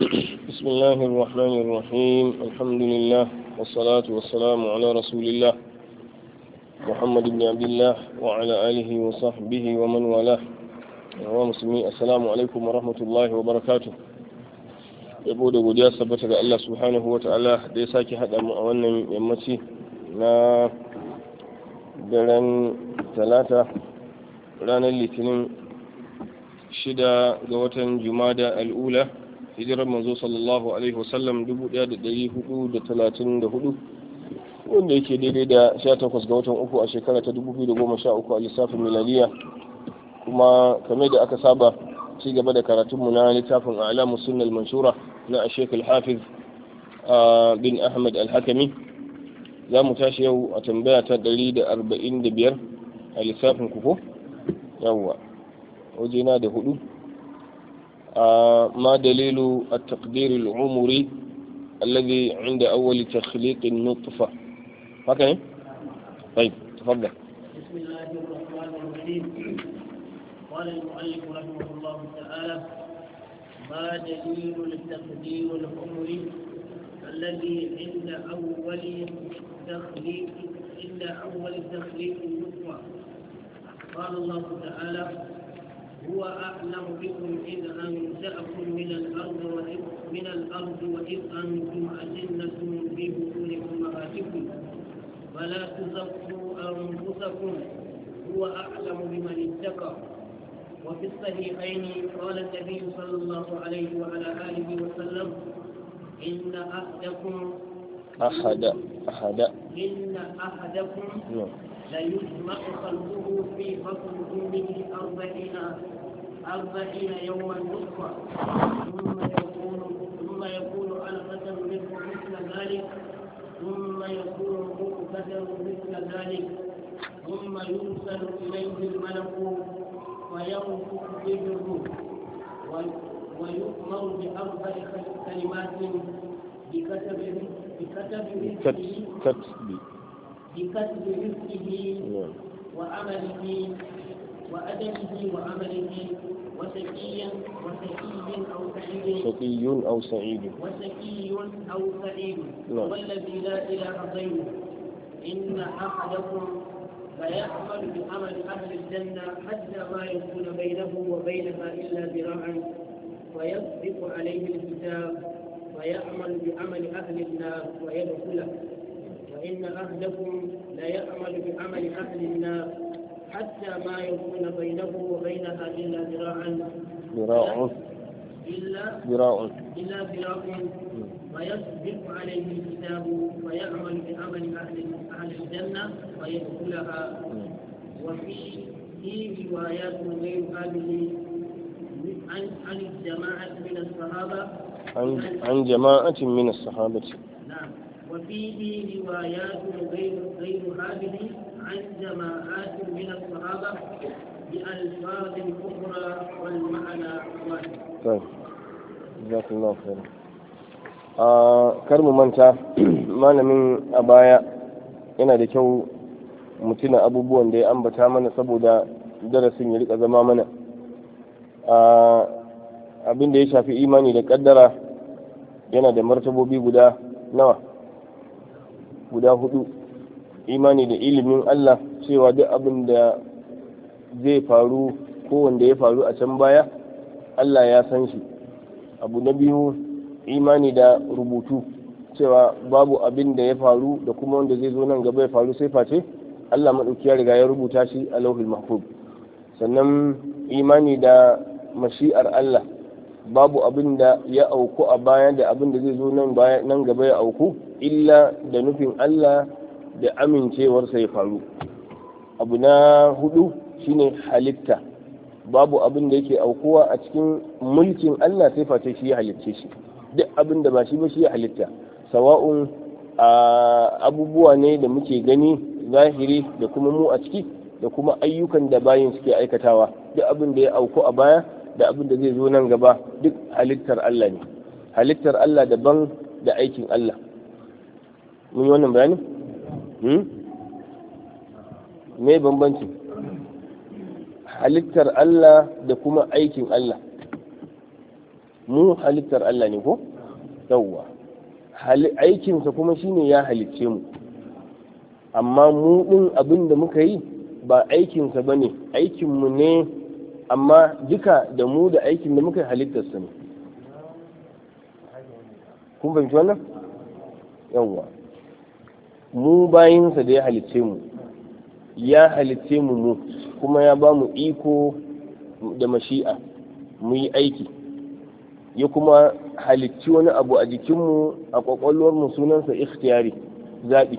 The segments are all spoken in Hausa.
بسم الله الرحمن الرحيم الحمد لله والصلاة والسلام على رسول الله محمد بن عبد الله وعلى آله وصحبه ومن والاه ومسلمين السلام عليكم ورحمة الله وبركاته yabo da godiya sabbata ga Allah subhanahu wa ta'ala da ya sake haɗa mu a wannan yammaci na daren talata ranar litinin shida ga watan jumada al'ula hijirar manzo sallallahu alaihi wasallam 1434 wanda yake daidai da 18 ga watan uku a shekara ta 2013 a lissafin milaliya kuma kamar da aka saba ci gaba da karatunmu na littafin alamu sunnal manshura na ashek al-hafiz bin ahmad al-hakami za mu tashi yau a tambaya ta 145 a lissafin kuku yawwa na da hudu آه، ما دليل التقدير العمري الذي عند أول تخليق النطفة أوكي طيب تفضل بسم الله الرحمن الرحيم قال المؤلف رحمه الله تعالى ما دليل التقدير العمري الذي عند أول تخليق عند أول تخليق النطفة قال الله تعالى هو أعلم بكم إذ أنزأكم من الأرض وإذ من الأرض وإذ أنتم أجنة في بطون أمهاتكم فلا تزكوا أنفسكم هو أعلم بمن اتقى وفي الصحيحين قال النبي صلى الله عليه وعلى آله وسلم إن أحدكم أحد أحد إن أحدكم نعم. ليجمع خلقه في بطن امه أربعين أربعين يوما نطفة ثم يكون ثم يكون علقة مثل ذلك ثم يكون عقبة مثل ذلك ثم يرسل إليه الملك فينفخ به الروح ويؤمر بأربع كلمات بكتب بكتب بكتبه بكسب رزقه نعم. وعمله وأدبه وعمله وسكي وسكي أو سعيد سكي أو سعيد وسكي أو سعيد نعم. والذي لا إله غيره إن أحدكم فيعمل بعمل أهل الجنة حتى ما يكون بينه وبينها إلا ذراعا ويسبق عليه الكتاب ويعمل بعمل أهل النار ويدخله فإن أهلكم لا يعمل بعمل أهل النار حتى ما يكون بينه وبينها إلا ذراعا ذراع إلا ذراع إلا ذراع فيصدق عليه الكتاب فيعمل بعمل أهل أهل الجنة فيدخلها وفي في روايات غير هذه عن عن الجماعة من الصحابة عن عن جماعة من الصحابة وفيه روايات غير غير هذه عن جماعات من الصحابة بألفاظ أخرى والمعنى واحد. طيب جزاك الله خيرا. kar mu manta malamin a baya yana da kyau mu tuna abubuwan da ya ambata mana saboda darasin ya rika zama mana abin da ya shafi imani da kaddara yana da martabobi guda nawa guda hudu imani da ilimin Allah cewa duk abin da zai faru ko wanda ya faru a can baya Allah ya san shi abu na biyu imani da rubutu cewa babu abin da ya faru da kuma wanda zai zo nan gaba ya faru sai face Allah maɗauki ya riga ya rubuta shi a lauhul mahfuz sannan imani da mashi'ar Allah babu abin da ya auku a baya da abin da zai zo nan baya nan gaba ya auku illa da nufin Allah da amincewarsa ya faru abu na hudu shine halitta babu abin da yake aukuwa a cikin mulkin Allah sai face shi ya halicce shi duk abin da ba shi ba shi ya halitta sawa'un abubuwa ne da muke gani zahiri da kuma mu a ciki da kuma ayyukan da bayin suke aikatawa duk abin da ya auku a baya da abin da zai zo nan gaba duk halittar Allah ne halittar Allah daban da aikin Allah mun yi wannan bayani hmm? me bambanci halittar Allah da kuma aikin Allah mu halittar Allah ne ko yawwa aikinsa kuma shine ya halicce mu amma mu din abin da muka yi ba aikinsa ba ne aikinmu ne amma duka da mu da aikin da muka halittar su ne kun fahimci wannan yawwa mu bayinsa da ya halicce mu ya halicce mu mu kuma ya ba mu iko da mashi'a mu yi aiki ya kuma halicci wani abu a jikinmu a kwakwalwar mu sunansa ikhtiyari zaɓi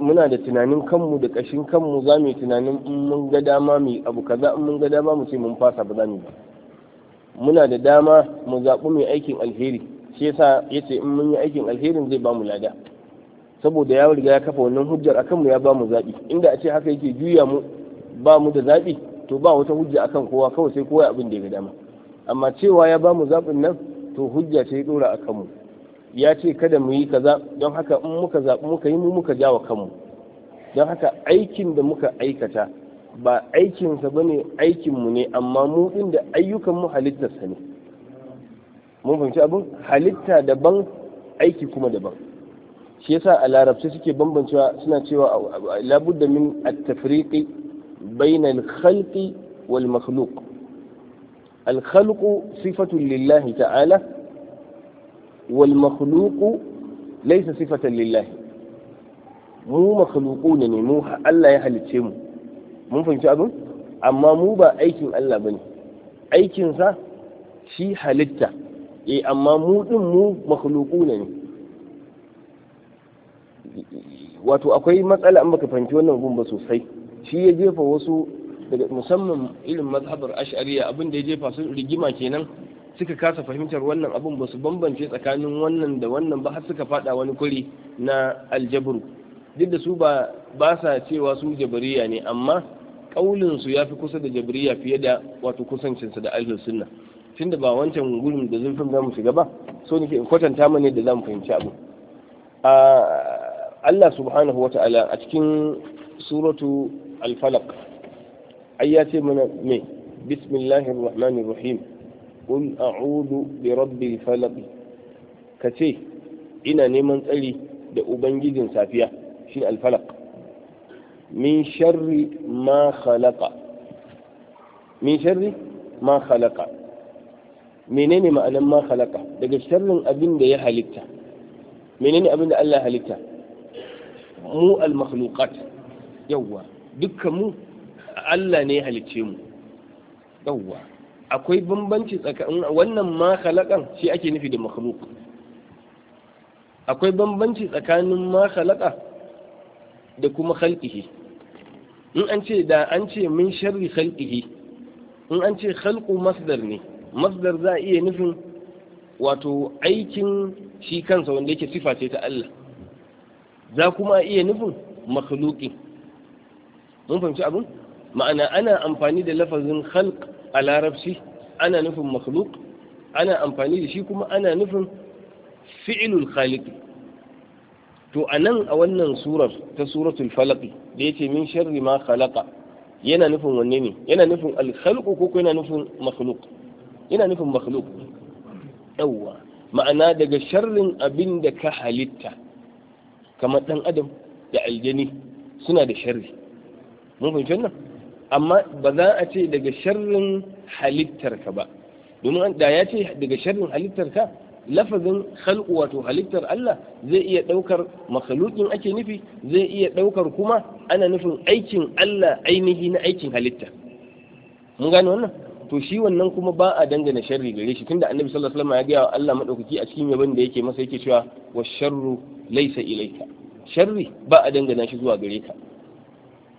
muna da tunanin kanmu da ƙashin kanmu za mu yi tunanin in mun ga dama mu abu kaza in mun ga dama mu ce mun fasa ba za mu ba muna da dama mu zaɓi mai aikin alheri shi yasa ce in mun yi aikin alherin zai ba mu lada saboda ya riga ya kafa wannan hujjar akan mu ya ba mu zaɓi inda a ce haka yake juya mu ba mu da zaɓi to ba wata hujja akan kowa kawai sai kowa abin da ya ga dama amma cewa ya ba mu zaɓin nan to hujja ce ya ɗora akan mu ya ce kada mu yi kaza don haka in muka zaɓi muka yi mu muka ja wa kanmu don haka aikin da muka aikata ba aikinsa ba ne aikinmu ne amma mu ɗin da ayyukanmu halittarsa ne mun fahimci abin halitta daban aiki kuma daban shi yasa a larabci suke bambancewa suna cewa labudda min at-tafriqi bayna al-khalqi wal makhluq al-khalqu sifatu lillahi ta'ala wal makhluqu laysa sifatan lillahi mu ne mu Allah ya halicce mu mun fahimci abin amma mu ba aikin Allah bane aikin sa shi halitta eh amma mu din mu makhluqu ne wato akwai matsala an baka fahimci wannan gun ba sosai shi ya jefa wasu daga musamman irin mazhabar ash'ariya abin da ya jefa su rigima kenan suka kasa fahimtar wannan abun ba su bambance tsakanin wannan da wannan ba har suka fada wani kuri na aljabru duk da su ba sa cewa su jabariya ne amma ƙaulinsu ya fi kusa da jabariya fiye da wato kusancinsu da ahlus sunna tunda ba wancan gurin da zurfin mu shiga ba so nake in kwatanta mani da zamu fahimci abu Allah subhanahu wa ta'ala a cikin suratu al-falaq ayyace mana me bismillahir rahmanir قل أعوذ برب الفلق كتي إنا نيمان تلي da Ubangijin safiya shi alfalak min sharri ma khalaqa min sharri ma khalaqa menene ma'anan ma khalaqa daga sharrin abin da ya halitta menene abin da Allah halitta mu al-makhluqat yawwa dukkan mu Allah ne ya halicce mu yawwa akwai bambanci tsakanin wannan ma khalaqan shi ake nufi da makhluk akwai bambanci tsakanin ma khalaqa da kuma khalqihi in an ce da an ce min sharri khalqihi in an ce khalqu masdar ne masdar za a iya nufin wato aikin shi kansa wanda yake sifa ce ta Allah za kuma iya nufin makhluqi mun fahimci abin ma'ana ana amfani da lafazin khalq a larabci ana nufin makhluk ana amfani da shi kuma ana nufin fi'ilul khaliq to anan a wannan surar ta suratul falaq da yace min sharri ma khalaqa yana nufin wanne ne yana nufin al khalq ko yana nufin makhluk yana nufin makhluk yawwa ma'ana daga sharrin abin da ka halitta kamar dan adam da aljani suna da sharri mun fahimci wannan amma ba za a ce daga sharrin halittarka ba domin da ya ce daga sharrin halittarka lafazin khalqu wato halittar Allah zai iya daukar makhluqin ake nufi zai iya ɗaukar kuma ana nufin aikin Allah ainihi na aikin halitta mun gane wannan to shi wannan kuma ba a dangana sharri gare shi tunda annabi sallallahu alaihi wasallam ya ga Allah madaukaki a cikin yabon da yake masa yake cewa washarru laysa ilayka sharri ba a dangana shi zuwa gare ka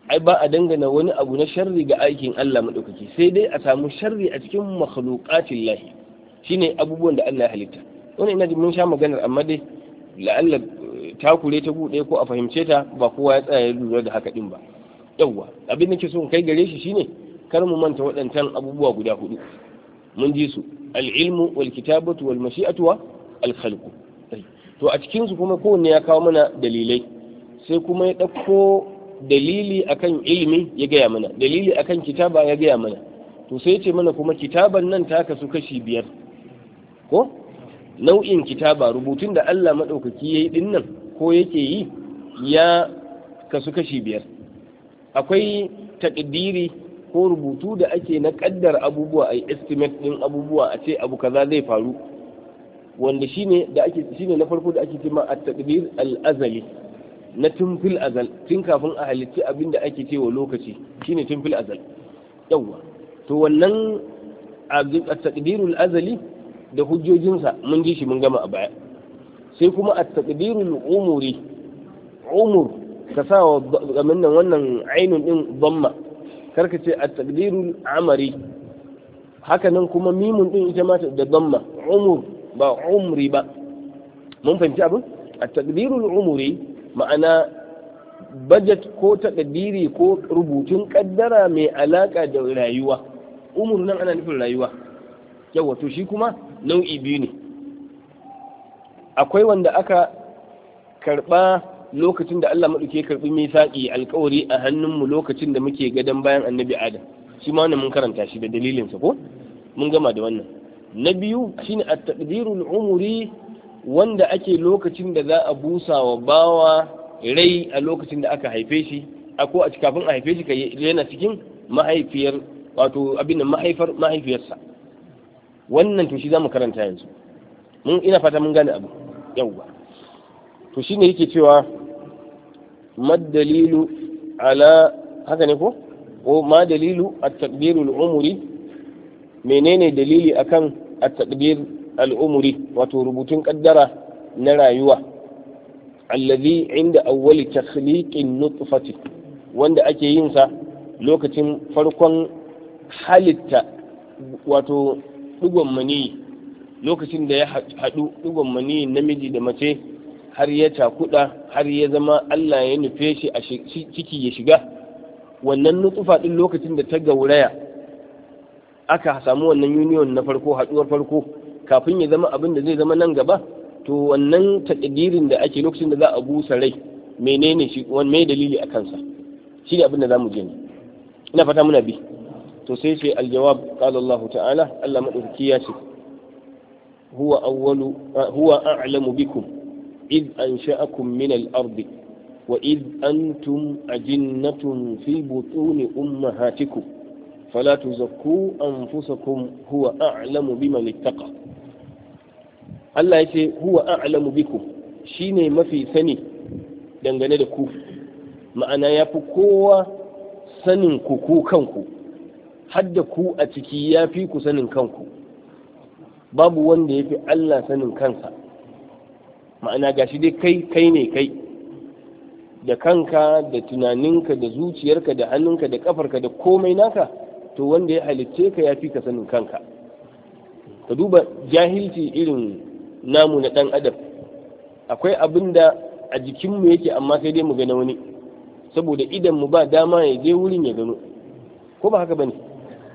ai ba a dangana wani abu na sharri ga aikin Allah madaukaki sai dai a samu sharri a cikin makhluqatin lahi shine abubuwan da Allah ya halitta wannan ina mun sha maganar amma dai la'alla takure ta buɗe ko a fahimce ta ba kowa ya tsaya ya lura da haka din ba yawwa abin da ke so kai gare shi shine kar mu manta waɗancan abubuwa guda hudu mun ji su al-ilmu wal kitabatu wal mashi'atu wa khalqu to a cikin su kuma kowanne ya kawo mana dalilai sai kuma ya ɗauko dalili akan ilimi ya gaya mana dalili akan kitaba ya gaya mana to sai ce mana kuma kitaban nan ta kasu kashi biyar ko nau'in kitaba rubutun da Allah maɗaukaki ya yi nan ko yake yi ya kasu kashi biyar akwai takdiri ko rubutu da ake na ƙaddar abubuwa a estimate ɗin abubuwa a ce abu kaza zai faru wanda shine da ake shine na farko da ake cewa at-taqdir al-azali na tunfil azal tun kafin a halitti abin da ake cewa lokaci shine tunfil azal yawwa to wannan at-taqdirul azali da hujjojinsa mun ji shi mun gama a baya sai kuma at-taqdirul umuri umur ka sa wa nan wannan ainun din dhamma karka ce at-taqdirul amari haka nan kuma mimun din ita mata da dhamma umur ba umri ba mun fahimci abin at-taqdirul umuri ma'ana budget ko takadiri ko rubutun kaddara mai alaka da rayuwa umur nan ana nufin rayuwa yawa wato shi kuma nau'i biyu ne akwai wanda aka karba lokacin da Allah maɗauke mai saƙi alkawari a hannunmu lokacin da muke gadon bayan annabi adam shi ma wannan mun karanta shi da dalilinsa ko mun gama da wannan na biyu shine a taqdirul umuri wanda ake lokacin da za a busa wa bawa rai a lokacin da aka haife shi ko a kafin a haife shi ka yana cikin mahaifiyar wato abin da mahaifar mahaifiyarsa wannan to shi za mu karanta yanzu mun ina fata mun gane abu yawwa to shi ne yake cewa madalilu ala haka ne ko ko ma dalilu at-tadbirul umri menene dalili akan at-tadbir al'umuri wato rubutun kaddara na rayuwa allazi inda awwali takhliqin nutfati wanda ake yin sa lokacin farkon halitta wato dugon maniyi lokacin da ya haɗu digon maniyi namiji da mace har ya cakuɗa har ya zama Allah ya nufe shi a ciki ya shiga wannan nutsufa din lokacin da ta gauraya aka samu wannan union na farko haɗuwar farko kafin ya zama abin da zai zama nan gaba to wannan takdirin da ake lokacin da za a busa rai menene shi wani mai dalili a kansa shi abin da za mu je ina fata muna bi to sai sai aljawab qala Allah ta'ala Allah ya ce huwa awwalu huwa a'lamu bikum id ansha'akum min al-ardi wa id antum ajinnatun fi butuni ummahatikum fala tuzakku anfusakum huwa a'lamu biman ittaqa Allah ya ce huwa a'lamu bikum shine mafi sani dangane da ku ma'ana ya fi kowa sanin ku ku kanku hadda ku a ciki ya fi ku sanin kanku babu wanda ya fi Allah sanin kansa ma'ana gashi dai kai kai ne kai da kanka da tunaninka da zuciyarka da hannunka da kafarka da komai naka to wanda ya halicce ka ya fi ka sanin kanka ka duba jahilci irin namu na ɗan adam akwai abin da a jikinmu yake amma sai dai mu gani wani saboda idan mu ba dama ya je wurin ya gano ko ba haka bane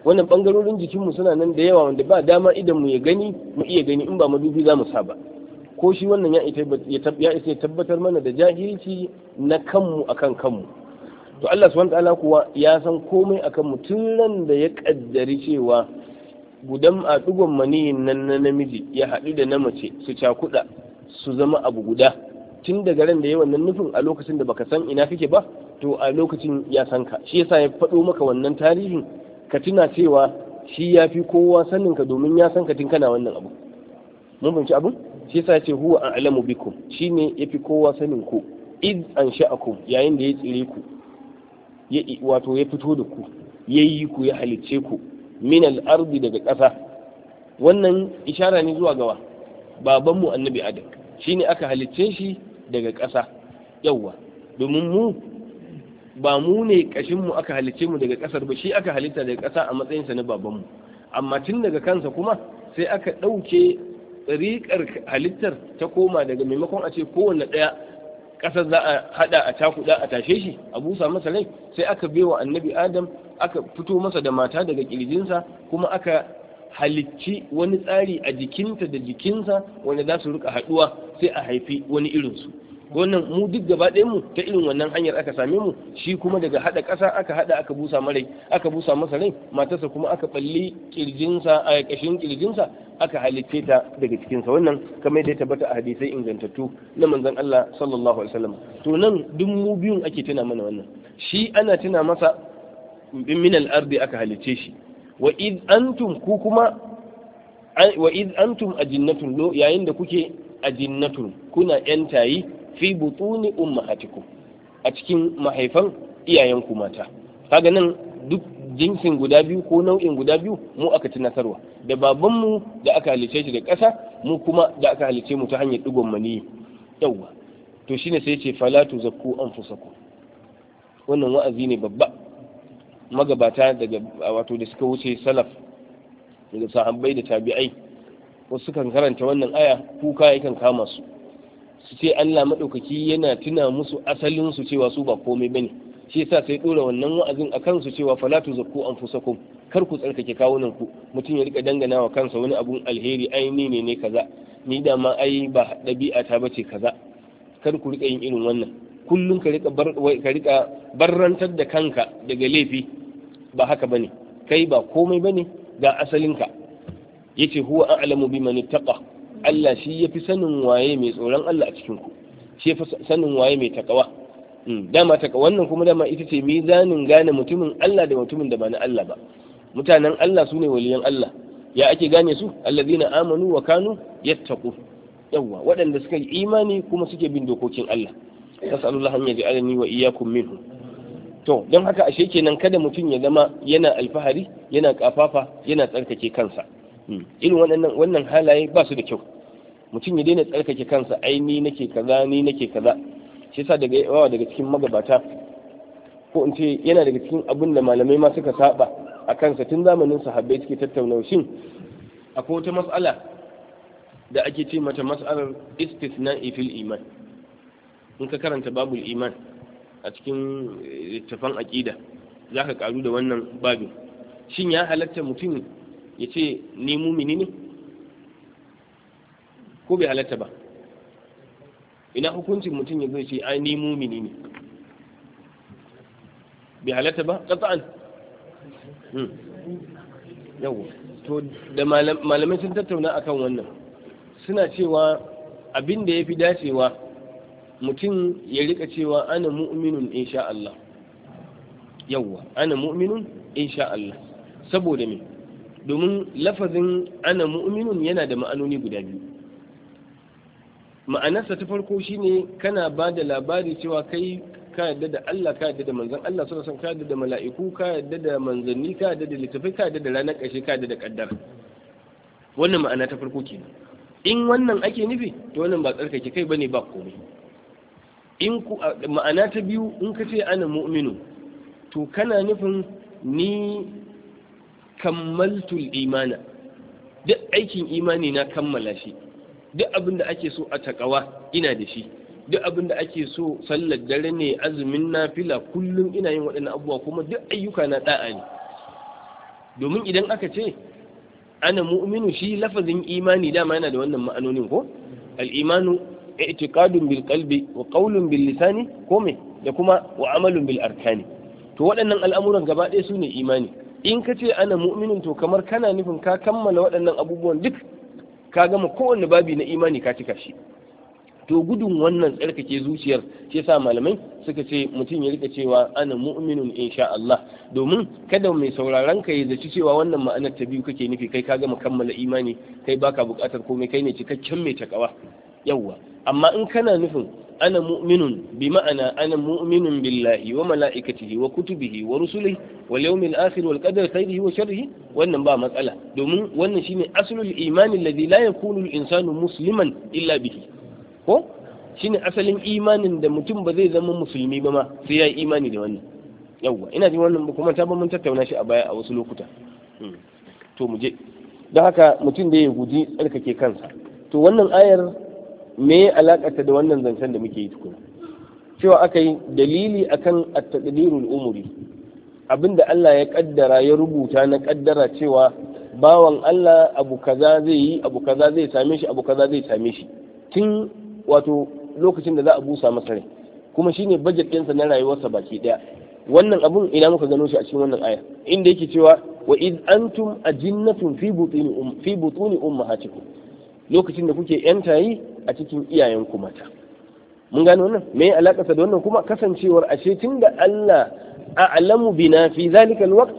wannan ɓangarorin jikinmu suna nan da yawa wanda ba dama idan mu ya gani mu iya gani in ba madubi za mu sa ba ko shi wannan ya isa tabbatar mana da jahilci na kanmu akan kanmu to Allah subhanahu ala kuwa ya san komai akan mu tun ran da ya kaddari cewa gudan a dugon maniyin nan na namiji ya haɗu da na mace su cakuɗa su zama abu guda tun daga ran da yawannan wannan nufin a lokacin da baka san ina kake ba to a lokacin ya san ka shi yasa ya faɗo maka wannan tarihin ka tuna cewa shi ya fi kowa sanin ka domin ya san ka tun kana wannan abu mun fahimci abu shi yasa ya ce huwa a'lamu bikum shine fi kowa sanin ku id sha'akum yayin da ya tsire ku ya wato ya fito da ku yayi ku ya halicce ku min al daga ƙasa wannan ishara ne zuwa gawa Babanmu annabi adam shine aka halicce shi daga ƙasa yawa domin ba mu ne kashin aka halicce mu daga ƙasar ba shi aka halitta daga ƙasa a matsayin sa na baban amma tun daga kansa kuma sai aka ɗauke riƙar halittar ta koma daga maimakon a ce kowane ɗaya ƙasar za a haɗa a cakuɗa a tashe shi a busa masa rai sai aka bewa annabi adam aka fito masa da mata daga kirjinsa kuma aka halicci wani tsari a jikinta da jikinsa wanda za su rika haduwa sai a haifi wani irinsu wannan mu duk gaba ɗayan mu ta irin wannan hanyar aka same mu shi kuma daga haɗa ƙasa aka haɗa aka busa marai aka busa masa rai matarsa kuma aka balli kirjinsa a ƙashin kirjinsa aka halicce ta daga cikinsa wannan kamar da ya tabbata a hadisai ingantattu na manzon Allah sallallahu alaihi wasallam to nan duk mu biyun ake tuna mana wannan shi ana tuna masa min al-ardi aka halice shi wa id antum ku kuma wa id lo yayin da kuke ajinnatun kuna yan tayi fi butuni ummahatikum a cikin mahaifan iyayenku mata kaga nan duk jinsin guda biyu ko nau'in guda biyu mu aka ci nasarwa da babanmu da aka halice shi da ƙasa mu kuma da aka halice mu ta hanyar digon maniyi yawwa to shine sai ce fala an anfusakum wannan wa'azi ne babba magabata daga wato da suka wuce salaf daga sahabbai da tabi'ai wasu sukan karanta wannan aya kuka yakan kama su su ce Allah maɗaukaki yana tuna musu asalin su cewa su ba komai bane shi yasa sai dora wannan wa'azin a kansu cewa fala an anfusakum kar ku tsarkake kawunan ku mutum ya rika dangana wa kansa wani abun alheri ai ne ne kaza ni da ma ai ba ɗabi'a ta bace kaza kar ku rika yin irin wannan kullum ka rika barrantar da kanka daga laifi ba haka bane kai ba komai bane ga asalinka yace huwa a'lamu biman ittaqa Allah shi yafi sanin waye mai tsoron Allah a cikin ku shi yafi sanin waye mai takawa hmm, dama taka wannan kuma dama ita ce mizanin gane mutumin Allah da mutumin da ba na Allah ba mutanen Allah sune waliyan Allah ya ake gane su allazina amanu wa kanu yattaqu yawa waɗanda suka yi imani kuma suke bin dokokin Allah nas'alullahi an yaj'alani wa iyyakum minhu to don haka ashe kenan kada mutum ya zama yana alfahari yana kafafa yana tsarkake kansa hmm. irin waɗannan wannan halaye ba su da kyau mutum ya daina tsarkake kansa ai ni nake kaza ni nake kaza shi yasa daga yawa daga cikin magabata ko in ce yana daga cikin abin da malamai ma suka saba a kansa tun zamanin sahabbai suke tattauna shin akwai wata mas'ala da ake ce mata mas'alar istisna'i fil iman in ka karanta babul iman a cikin eh, littafan aƙida za ka ƙaru da wannan babin shin ya halatta mutum ya ce ni mumini ne ko bai halatta ba ina hukuncin mutum ya zai ce ai ni mumini ne bai halatta ba ƙasa'an hmm. yau to da malamai sun tattauna akan wannan suna cewa abin da ya fi dacewa mutum ya rika cewa ana mu'minun insha Allah yawwa ana mu'minun insha Allah saboda me domin lafazin ana mu'minun yana da ma'anoni guda biyu ma'anarsa ta farko shine kana ba da labari cewa kai ka yadda da Allah ka yadda da manzon Allah suna alaihi ka yadda da mala'iku ka yadda da manzanni ka yadda da littafai ka yadda da ranar ƙarshe ka yadda da kaddara wannan ma'ana ta farko kenan in wannan ake nufi to wannan ba tsarkake kai bane ba komai in ku ma'ana ta biyu in ka ce ana mu'minu to kana nufin ni kammaltul imana duk aikin imani na kammala shi duk abin da ake so a takawa ina da shi duk abin da ake so sallar dare ne azumin nafila kullum ina yin waɗannan abubuwa kuma duk ayyuka na da'a ne domin idan aka ce ana mu'minu shi lafazin imani dama yana da wannan ma'anonin ko al'imanu i'tiqadun bil qalbi wa qawlun bil lisani ko da kuma wa amalun bil arkani to waɗannan al'amuran gaba ɗaya sune imani in ka ce ana mu'minin to kamar kana nufin ka kammala waɗannan abubuwan duk ka gama kowanne babi na imani ka cika shi to gudun wannan tsarkake zuciyar shi yasa malamai suka ce mutum ya rika cewa ana mu'minun insha Allah domin kada mai sauraron ka ya zaci cewa wannan ma'anar ta biyu kake nufi kai ka gama kammala imani kai baka bukatar komai kai ne cikakken mai takawa yawwa amma in kana nufin ana mu'minun bi ma'ana ana mu'minun billahi wa mala'ikatihi wa kutubihi wa rusulihi wal yawmil akhir wal qadar khairihi wa sharrihi wannan ba matsala domin wannan shine aslul imani alladhi la yakunu al insanu musliman illa bihi ko shine asalin imanin da mutum ba zai zama musulmi ba ma sai ya imani da wannan yawwa ina jin wannan kuma ta mun tattauna shi a baya a wasu lokuta hmm. to mu je don haka mutum da ya guji tsarkake kansa to wannan ayar me ya alakata da wannan zancen da muke yi tukuna cewa aka yi dalili akan at-taqdirul umuri abinda Allah ya ƙaddara ya rubuta na ƙaddara cewa bawan Allah abu kaza zai yi abu kaza zai same shi abu kaza zai same shi tun wato lokacin da za a busa masa rai kuma shine budget ɗinsa na rayuwarsa baki daya wannan abun ina muka gano shi a cikin wannan aya inda yake cewa wa id antum ajinnatun fi butuni um, fi butuni ummahatikum lokacin da kuke yan tayi a cikin iyayenku mata mun gano wannan me alakarsa da wannan kuma kasancewar ashe tun da Allah a'lamu bina fi zalika alwaqt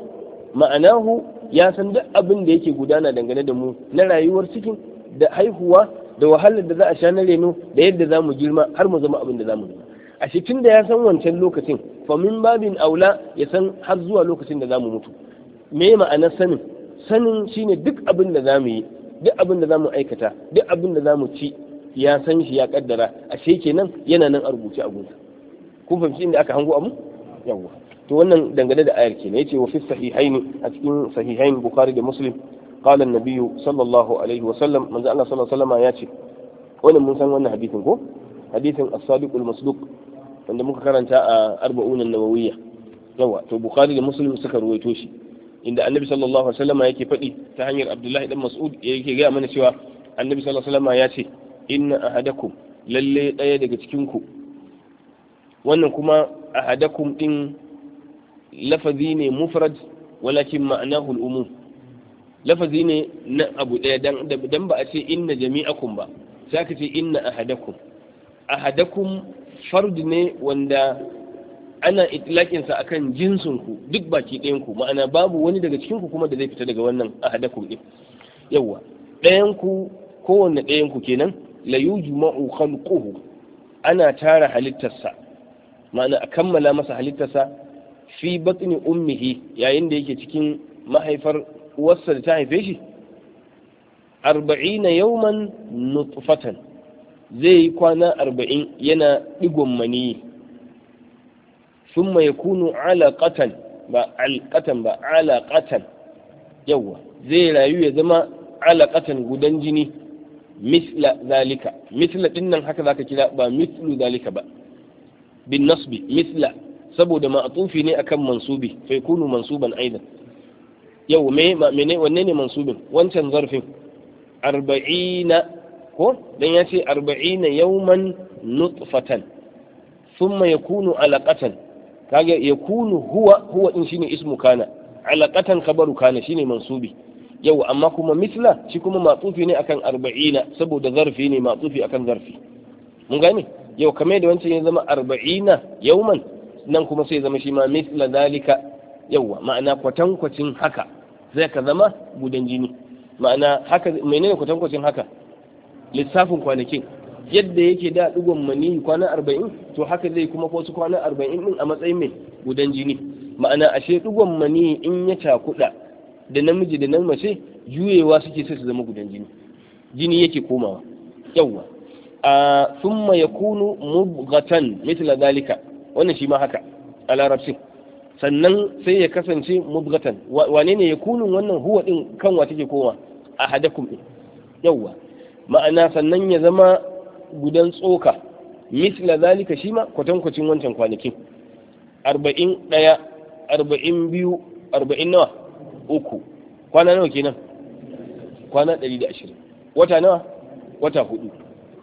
ma'anahu ya san duk abin da yake gudana dangane da mu na rayuwar cikin da haihuwa da wahalar da za a sha na reno da yadda za mu girma har mu zama abin da za mu zama a tun da ya san wancan lokacin famin babin aula ya san har zuwa lokacin da za mu mutu me ma'anar sanin sanin shine duk abin da za mu yi duk abin da zamu aikata duk abin da zamu ci ya san shi ya kaddara ashe kenan yana nan a rubuce a gunsa kun fahimci inda aka hango amu yawa to wannan dangane da ayar kenan yace wa fi sahihaini a cikin sahihain bukhari da muslim qala an-nabiy sallallahu alaihi wa sallam manzo Allah sallallahu alaihi wa sallam yace wannan mun san wannan hadisin ko hadisin as-sadiq al-masduq wanda muka karanta a arba'un an-nawawiyya yawa to bukhari da muslim suka ruwaito shi inda annabi sallallahu alaihi wasallam yake faɗi ta hanyar abdullahi dan mas'ud yake gaya mana cewa annabi sallallahu alaihi wasallam ya ce inna ahadakum lalle ɗaya daga cikin ku wannan kuma ahadakum din lafazi ne mufrad walakin ma'anahu al-umum lafazi ne na abu ɗaya dan ba a ce inna jami'akum ba zaka ka ce inna ahadakum ahadakum fard ne wanda ana itilakinsa sa akan jinsin ku duk baki ɗayan ku ma'ana babu wani daga cikin ku kuma da zai fita daga wannan ahadakum din yawa ɗayan ku kowanne ɗayan ku kenan la yujma'u khalquhu ana tara halittarsa ma'ana a kammala masa halittarsa fi batni ummihi yayin da yake cikin mahaifar uwarsa da ta haife shi arba'ina yauman nutfatan zai yi kwana arba'in yana digon maniyi thumma yakunu alaqatan ba alqatan ba alaqatan yawa zai rayu ya zama alaqatan gudan jini misla zalika misla dinnan haka zaka kira ba mislu zalika ba bin nasbi misla saboda ma'atufi ne akan mansubi fa yakunu mansuban aidan yau me mene wanne ne mansubin wancan zarfin arba'ina ko dan ya ce arba'ina yawman nutfatan thumma yakunu alaqatan ya kunu huwa huwa in shine ismu kana alaqatan khabaru kana shine mansubi yau amma kuma misla shi kuma matsufi ne akan arba'ina saboda zarfi ne matsufi akan zarfi mun gane yau kamar da wancan ya zama arba'ina yauman nan kuma sai zama shi ma misla dalika yauwa ma'ana kwatankwacin haka zai ka zama gudan jini ma'ana haka menene kwatankwacin haka lissafin kwanakin yadda yake da ɗigon mani kwana arba'in to haka zai kuma wasu kwana arba'in din a matsayin mai gudan jini ma'ana ashe ɗigon mani in ya cakuɗa da namiji da nan mace juyewa suke sai su zama gudan jini jini yake komawa yawwa a summa kunu mubgatan mitla dalika wannan shi ma haka a larabcin sannan sai ya kasance mubgatan. wane ne kunu wannan huwa din kanwa take koma a hadakum din yawwa ma'ana sannan ya zama gudan tsoka misla zalika shi ma kwatankwacin wancan kwanakin arba'in ɗaya arba'in biyu arba'in nawa uku kwana nawa kenan kwana ɗari da ashirin wata nawa wata hudu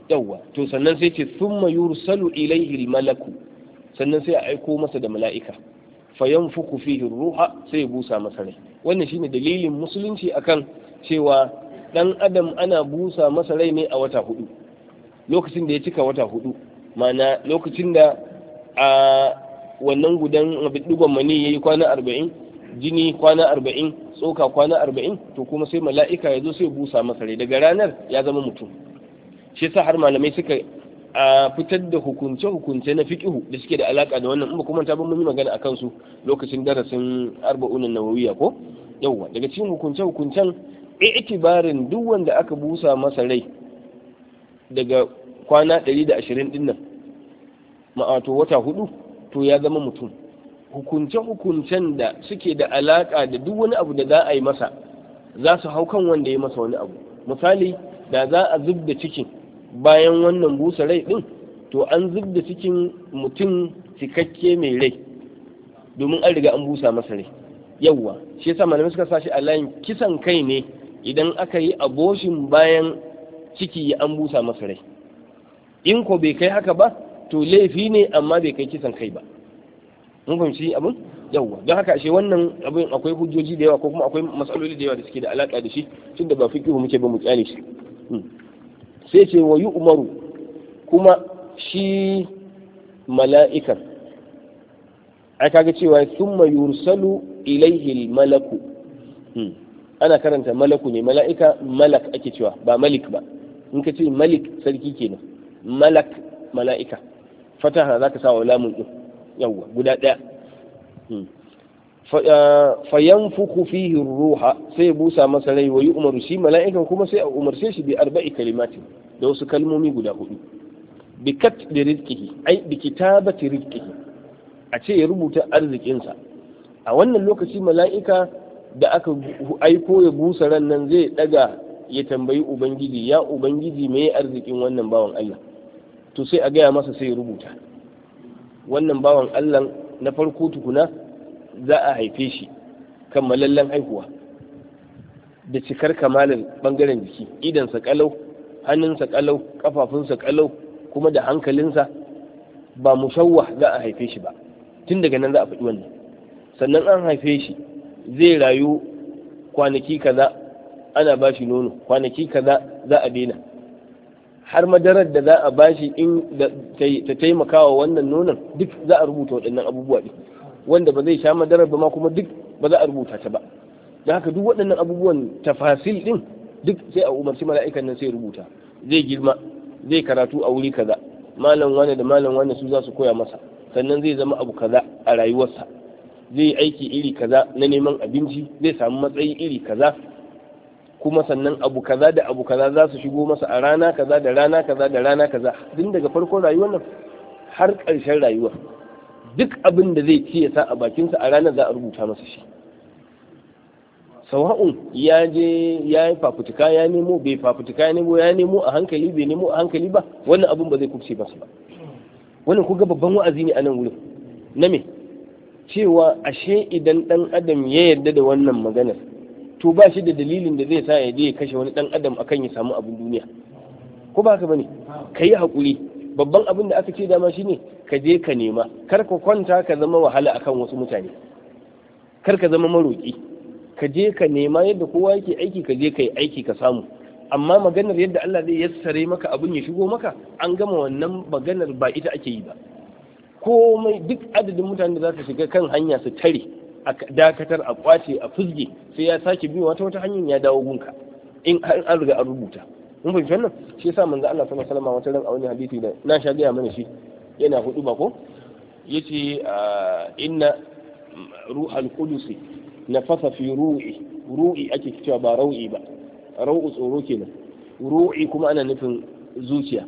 yawwa to sannan sai ce thumma yursalu ilaihi malaku sannan sai a aiko masa da mala'ika fayan fuku fihi ruha sai busa masa rai wannan shine dalilin musulunci akan cewa dan adam ana busa masa rai ne a wata hudu lokacin da ya cika wata hudu mana lokacin da a wannan gudan ma mani ya yi kwana arba'in jini kwana arba'in tsoka kwana arba'in to kuma sai mala'ika ya zo sai busa masarai daga ranar ya zama mutum shi sa har malamai suka a fitar da hukunce-hukunce na fiƙihu da suke da alaka da wannan ba kuma ta mun magana akan su lokacin darasin arba'unan nawawiya ko yawwa daga cikin hukunce-hukuncen itibarin duk wanda aka busa masa rai daga kwana ɗari 120 din nan ma'ato wata hudu to ya zama mutum hukunce-hukuncen da suke da alaka da duk wani abu da za a yi masa za su hau kan wanda ya masa wani abu misali da za a zub da cikin bayan wannan busa rai din to an zub da cikin mutum cikakke mai rai domin an riga an busa masa rai yawwa shi yasa malamai suka shi a layin kisan kai ne idan aka yi aboshin bayan ciki an busa masa rai in ko bai kai haka ba to laifi ne amma bai kai kisan kai ba mun fahimci abun yawa don haka ashe wannan abin akwai hujjoji da yawa ko kuma akwai matsaloli da yawa da suke da alaka da shi tunda ba fiqhu muke ba mu kyale shi hmm. sai ce wa umaru kuma shi mala'ika ai kaga cewa thumma yursalu ilaihi malaku hmm. ana karanta malaku ne mala'ika malak ake cewa ba malik ba in ka ce malik sarki kenan malak mala'ika fataha za ka sa wa lamun ɗin yawwa guda ɗaya hmm. uh, fayan fuku fihi ruha sai busa masa rai wa yi umaru shi mala'ikan kuma sai a umarce shi bi arba'i kalimatin da wasu kalmomi guda hudu bi kat da rizkihi ai bi kitabati rizkihi a ce ya rubuta arzikinsa a wannan lokaci mala'ika da aka aiko ya busa ran nan zai daga ya tambayi ubangiji ya ubangiji me arzikin wannan bawan Allah to sai a gaya masa sai rubuta wannan bawan Allah na farko tukuna za a haife shi kan malallan haihuwa da cikar kamalin bangaren jiki idansa kalau hannunsa kalau kafafunsa kalau kuma da hankalinsa ba musawwa za a haife shi ba tun daga nan za a faɗi wannan sannan an haife shi zai rayu kwanaki kaza ana ba shi nono kwanaki kaza za a daina har madarar da za a bashi in ta taimaka wa wannan nonon duk za a rubuta waɗannan abubuwa ɗin wanda ba zai sha madarar ba ma kuma duk ba za a rubuta ta ba da haka duk waɗannan abubuwan tafasil ɗin duk sai a umarci mala'ikan nan sai rubuta zai girma zai karatu a wuri kaza malam wane da malam wane su za su koya masa sannan zai zama abu kaza a rayuwarsa zai aiki iri kaza na neman abinci zai samu matsayi iri kaza kuma sannan abu kaza da abu kaza za su shigo masa a rana kaza da rana kaza da rana kaza din daga farkon rayuwar nan har ƙarshen rayuwa duk abin da zai ci ya sa a bakinsa a ranar za a rubuta masa shi sawa'un ya je ya yi fafutuka ya nemo bai fafutuka ya nemo ya nemo a hankali bai nemo a hankali ba wannan abin ba zai kubce masa ba wannan kuga babban wa'azi ne a nan wurin na me cewa ashe idan dan adam ya yarda da wannan maganar to ba shi da dalilin da zai sa ya je kashe wani dan adam akan ya samu abin duniya ko ba ka bane ka yi haƙuri babban abin da aka ce dama shine ka je ka nema kar ka kwanta ka zama wahala akan wasu mutane kar ka zama maroki, ka je ka nema yadda kowa yake aiki ka je ka yi aiki ka samu amma maganar yadda Allah zai yassare maka abin ya shigo maka an gama wannan maganar ba ita ake yi ba komai duk adadin mutane da za su shiga kan hanya su tare a dakatar a kwace a fuzge sai ya sake biyo wata wata hanyar ya dawo gunka in an riga an rubuta mun fahimci wannan shi yasa manzo Allah sallallahu alaihi wasallam wata ran a wani hadisi da na sha gaya mana shi yana hudu ba ko yace ah, inna ruhul qudus nafasa fi ru'i ru'i ake cewa ba rau'i ba rau'u tsoro kenan ru'i kuma ana nufin zuciya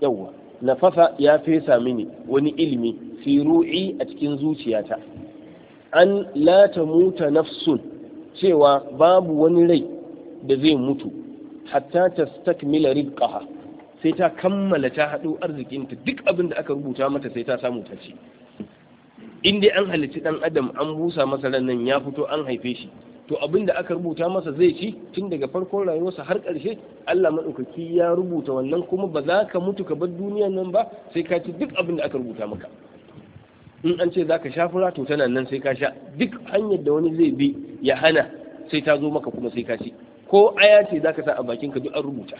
yawwa nafasa ya fesa mini wani ilimi fi ru'i a cikin zuciyata an lata muta nafsun cewa babu wani rai da zai mutu hatta ta stakmila rizqaha sai ta kammala ta haɗo arzikinta duk abin da aka rubuta mata sai ta samu ta ci in dai an halitti ɗan adam an busa masa rannan ya fito an haife shi to abin da aka rubuta masa zai ci tun daga farkon rayuwarsa har ƙarshe Allah maɗaukaki ya rubuta wannan kuma ba za ka mutu ka bar duniyar nan ba sai ka ci duk abin da aka rubuta maka in an ce za ka sha fura to tana nan sai ka sha duk hanyar da wani zai bi ya hana sai ta zo maka kuma sai ka ci ko aya ce za ka sa a ka duk an rubuta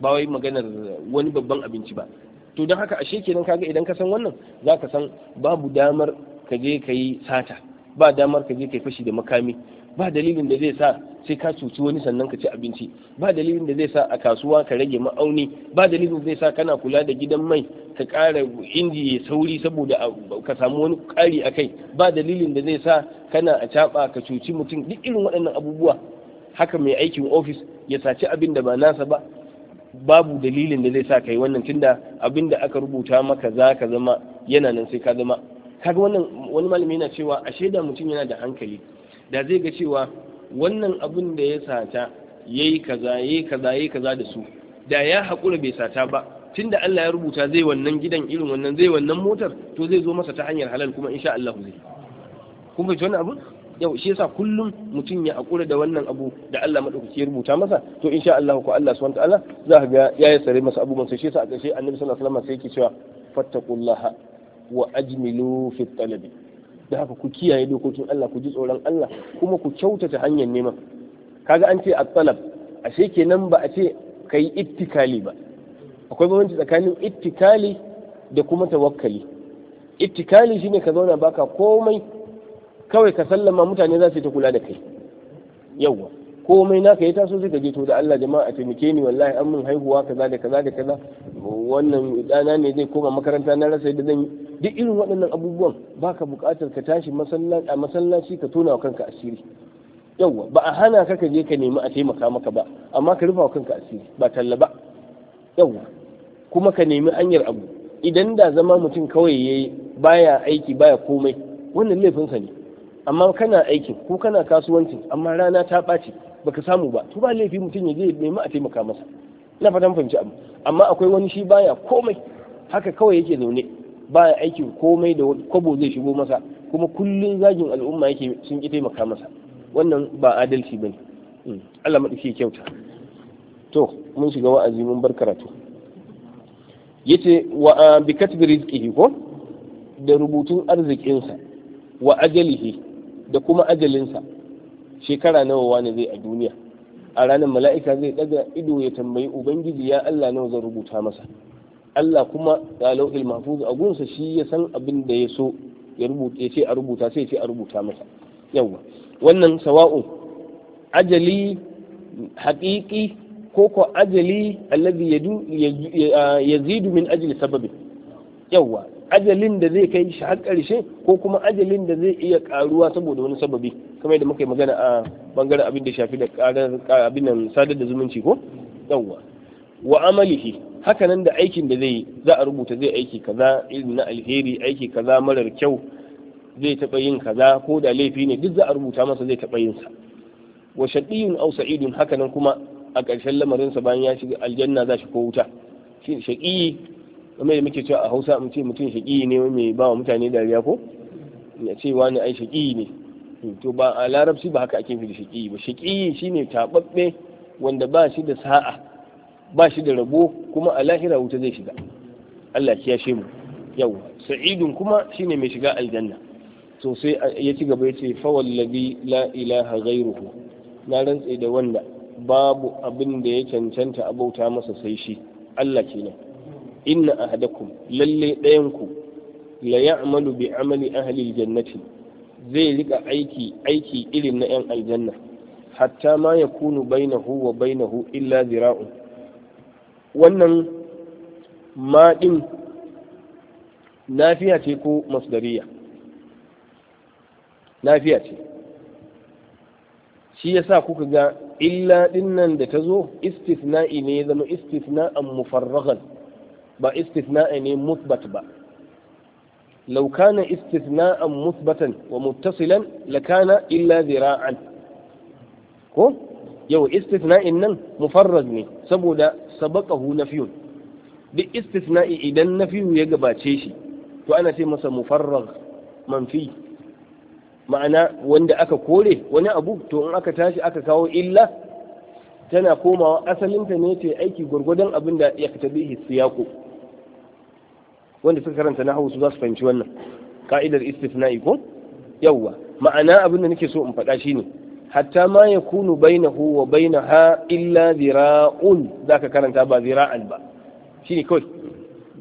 ba wai maganar wani babban abinci ba to don haka ashe kenan ga idan ka san wannan za ka san babu damar ka je ka yi sata ba damar ka je ka yi fashi da makami ba dalilin da zai sa sai ka cuci wani sannan ka ci abinci ba dalilin da zai sa a kasuwa ka rage ma'auni ba dalilin da zai sa kana kula da gidan mai ka ƙara inji ya sauri saboda ka samu wani ƙari a kai ba dalilin da zai sa kana a caɓa ka cuci mutum duk irin waɗannan abubuwa haka mai aikin ofis ya saci abin da ba nasa ba babu dalilin da zai sa ka yi wannan tunda abin da aka rubuta maka za ka zama yana nan sai ka zama kaga wannan wani malami yana cewa a shaida mutum yana da hankali da zai ga cewa wannan abin da ya sata ya yi kaza yayi kaza yayi kaza da su da ya haƙura bai sata ba tun da Allah ya rubuta zai wannan gidan irin wannan zai wannan motar to zai zo masa ta hanyar halal kuma insha Allah zai kun fahimci wannan abu yau shi yasa kullum mutum ya haƙura da wannan abu da Allah madaukaki ya rubuta masa to insha Allah ko Allah subhanahu ta'ala za ga ya yi sare masa abubuwan sai shi yasa a ƙarshe Annabi sallallahu alaihi wasallam sai yake cewa fattaqullaha wa ajmilu fi talabi da haka ku kiyaye dokokin Allah ku ji tsoron Allah kuma ku kyautata hanyar neman kaga an ce tsalab talab ashe kenan ba a ce kai ittikali ba akwai bambanci tsakanin ittikali da kuma tawakkali ittikali shine ka zauna baka komai kawai ka sallama mutane za su ta kula da kai yawwa komai naka yi taso sai ka je to da Allah jama'a a taimake ni wallahi an mun haihuwa kaza da kaza da kaza wannan dana ne zai koma makaranta na rasa yadda zan yi duk irin waɗannan abubuwan baka buƙatar ka tashi a masallaci ka tona wa kanka asiri yawwa ba a hana ka ka je ka nemi a taimaka maka ba amma ka rufa wa kanka asiri ba talla ba yawwa kuma ka nemi hanyar abu idan da zama mutum kawai ya yi baya aiki baya komai wannan laifinsa ne amma kana aikin ko kana kasuwanci amma rana ta ɓaci baka samu ba to ba laifi mutum ya je ya a taimaka masa ina fatan fahimci abu amma akwai wani shi baya komai haka kawai yake zaune baya aikin komai da kwabo zai shigo masa kuma kullun zagin al'umma yake sun ki taimaka masa wannan ba adalci bane hmm. Allah madauki kyauta to mun shiga wa'azi mun bar karatu yace wa bi katbi rizqihi ko da rubutun arzikinsa wa ajalihi da kuma ajalinsa shekara nawa wani zai a duniya a ranar mala'ika zai daga ido ya tambayi ubangiji ya Allah nawa zan rubuta masa Allah kuma lauhil mafuz a gunsa shi ya san abin da ya so ya ce a rubuta sai ce a rubuta masa yawa wannan sawa'un ajali haƙiƙi ko ko ajali allazi yazidu min ajli sababi yawa ajalin da zai kai shi har ƙarshe ko kuma ajalin da zai iya ƙaruwa saboda wani sababi kamar yadda muka yi magana a bangaren abin da shafi da ƙarar abin nan sadar da zumunci ko yawwa wa amalihi haka nan da aikin da zai za a rubuta zai aiki kaza irin na alheri aiki kaza marar kyau zai taɓa yin kaza ko da laifi ne duk za a rubuta masa zai taɓa yin sa wa shaqiyun aw sa'idun haka nan kuma a ƙarshen lamarinsa bayan ya shiga aljanna za shi ko wuta shaqi kamar da muke cewa a hausa mu ce mutum shaƙi ne mai ba wa mutane dariya ko ya ce wani ai shaƙi ne to ba a larabci ba haka ake fi shaƙi ba shaƙi ne taɓaɓɓe wanda ba shi da sa'a ba shi da rabo kuma a lahira wuta zai shiga Allah ya shi mu yau sa'idun kuma shi ne mai shiga aljanna to sai ya ci gaba ya ce fawallabi la ilaha na rantse da wanda babu abin da ya cancanta a bauta masa sai shi Allah kenan inna ahadakum lalle ɗayan ku la ya'malu bi amali ahli jannati zai rika aiki aiki irin na yan aljanna hatta ma yakunu bainahu wa bainahu illa zira'un wannan ma din nafiya ce ko masdariya nafiya ce shi yasa kuka ga illa dinnan da ta zo istisna'i ne ya zama istisna'an mufarragan ba istithna'a ne musbat ba لو كان استثناء مثبتا ومتصلا لكان إلا ذراعا ko yau istisna'in nan mufarrad ne saboda sabaqahu nafiyun duk istisna'i idan nafiyu ya gabace shi to ana ce masa mufarrag manfi ma'ana wanda aka kore wani abu to in aka tashi aka kawo illa tana komawa asalinta ne ta aiki gwargwadon abin da ya fita bihi siyako wanda suka karanta nahwu su za su fahimci wannan ka'idar istithna'i ko yawwa ma'ana abin da nake so in faɗa shine hatta ma ya kunu bainahu wa bainaha illa zira'un za ka karanta ba zira'an ba shine kawai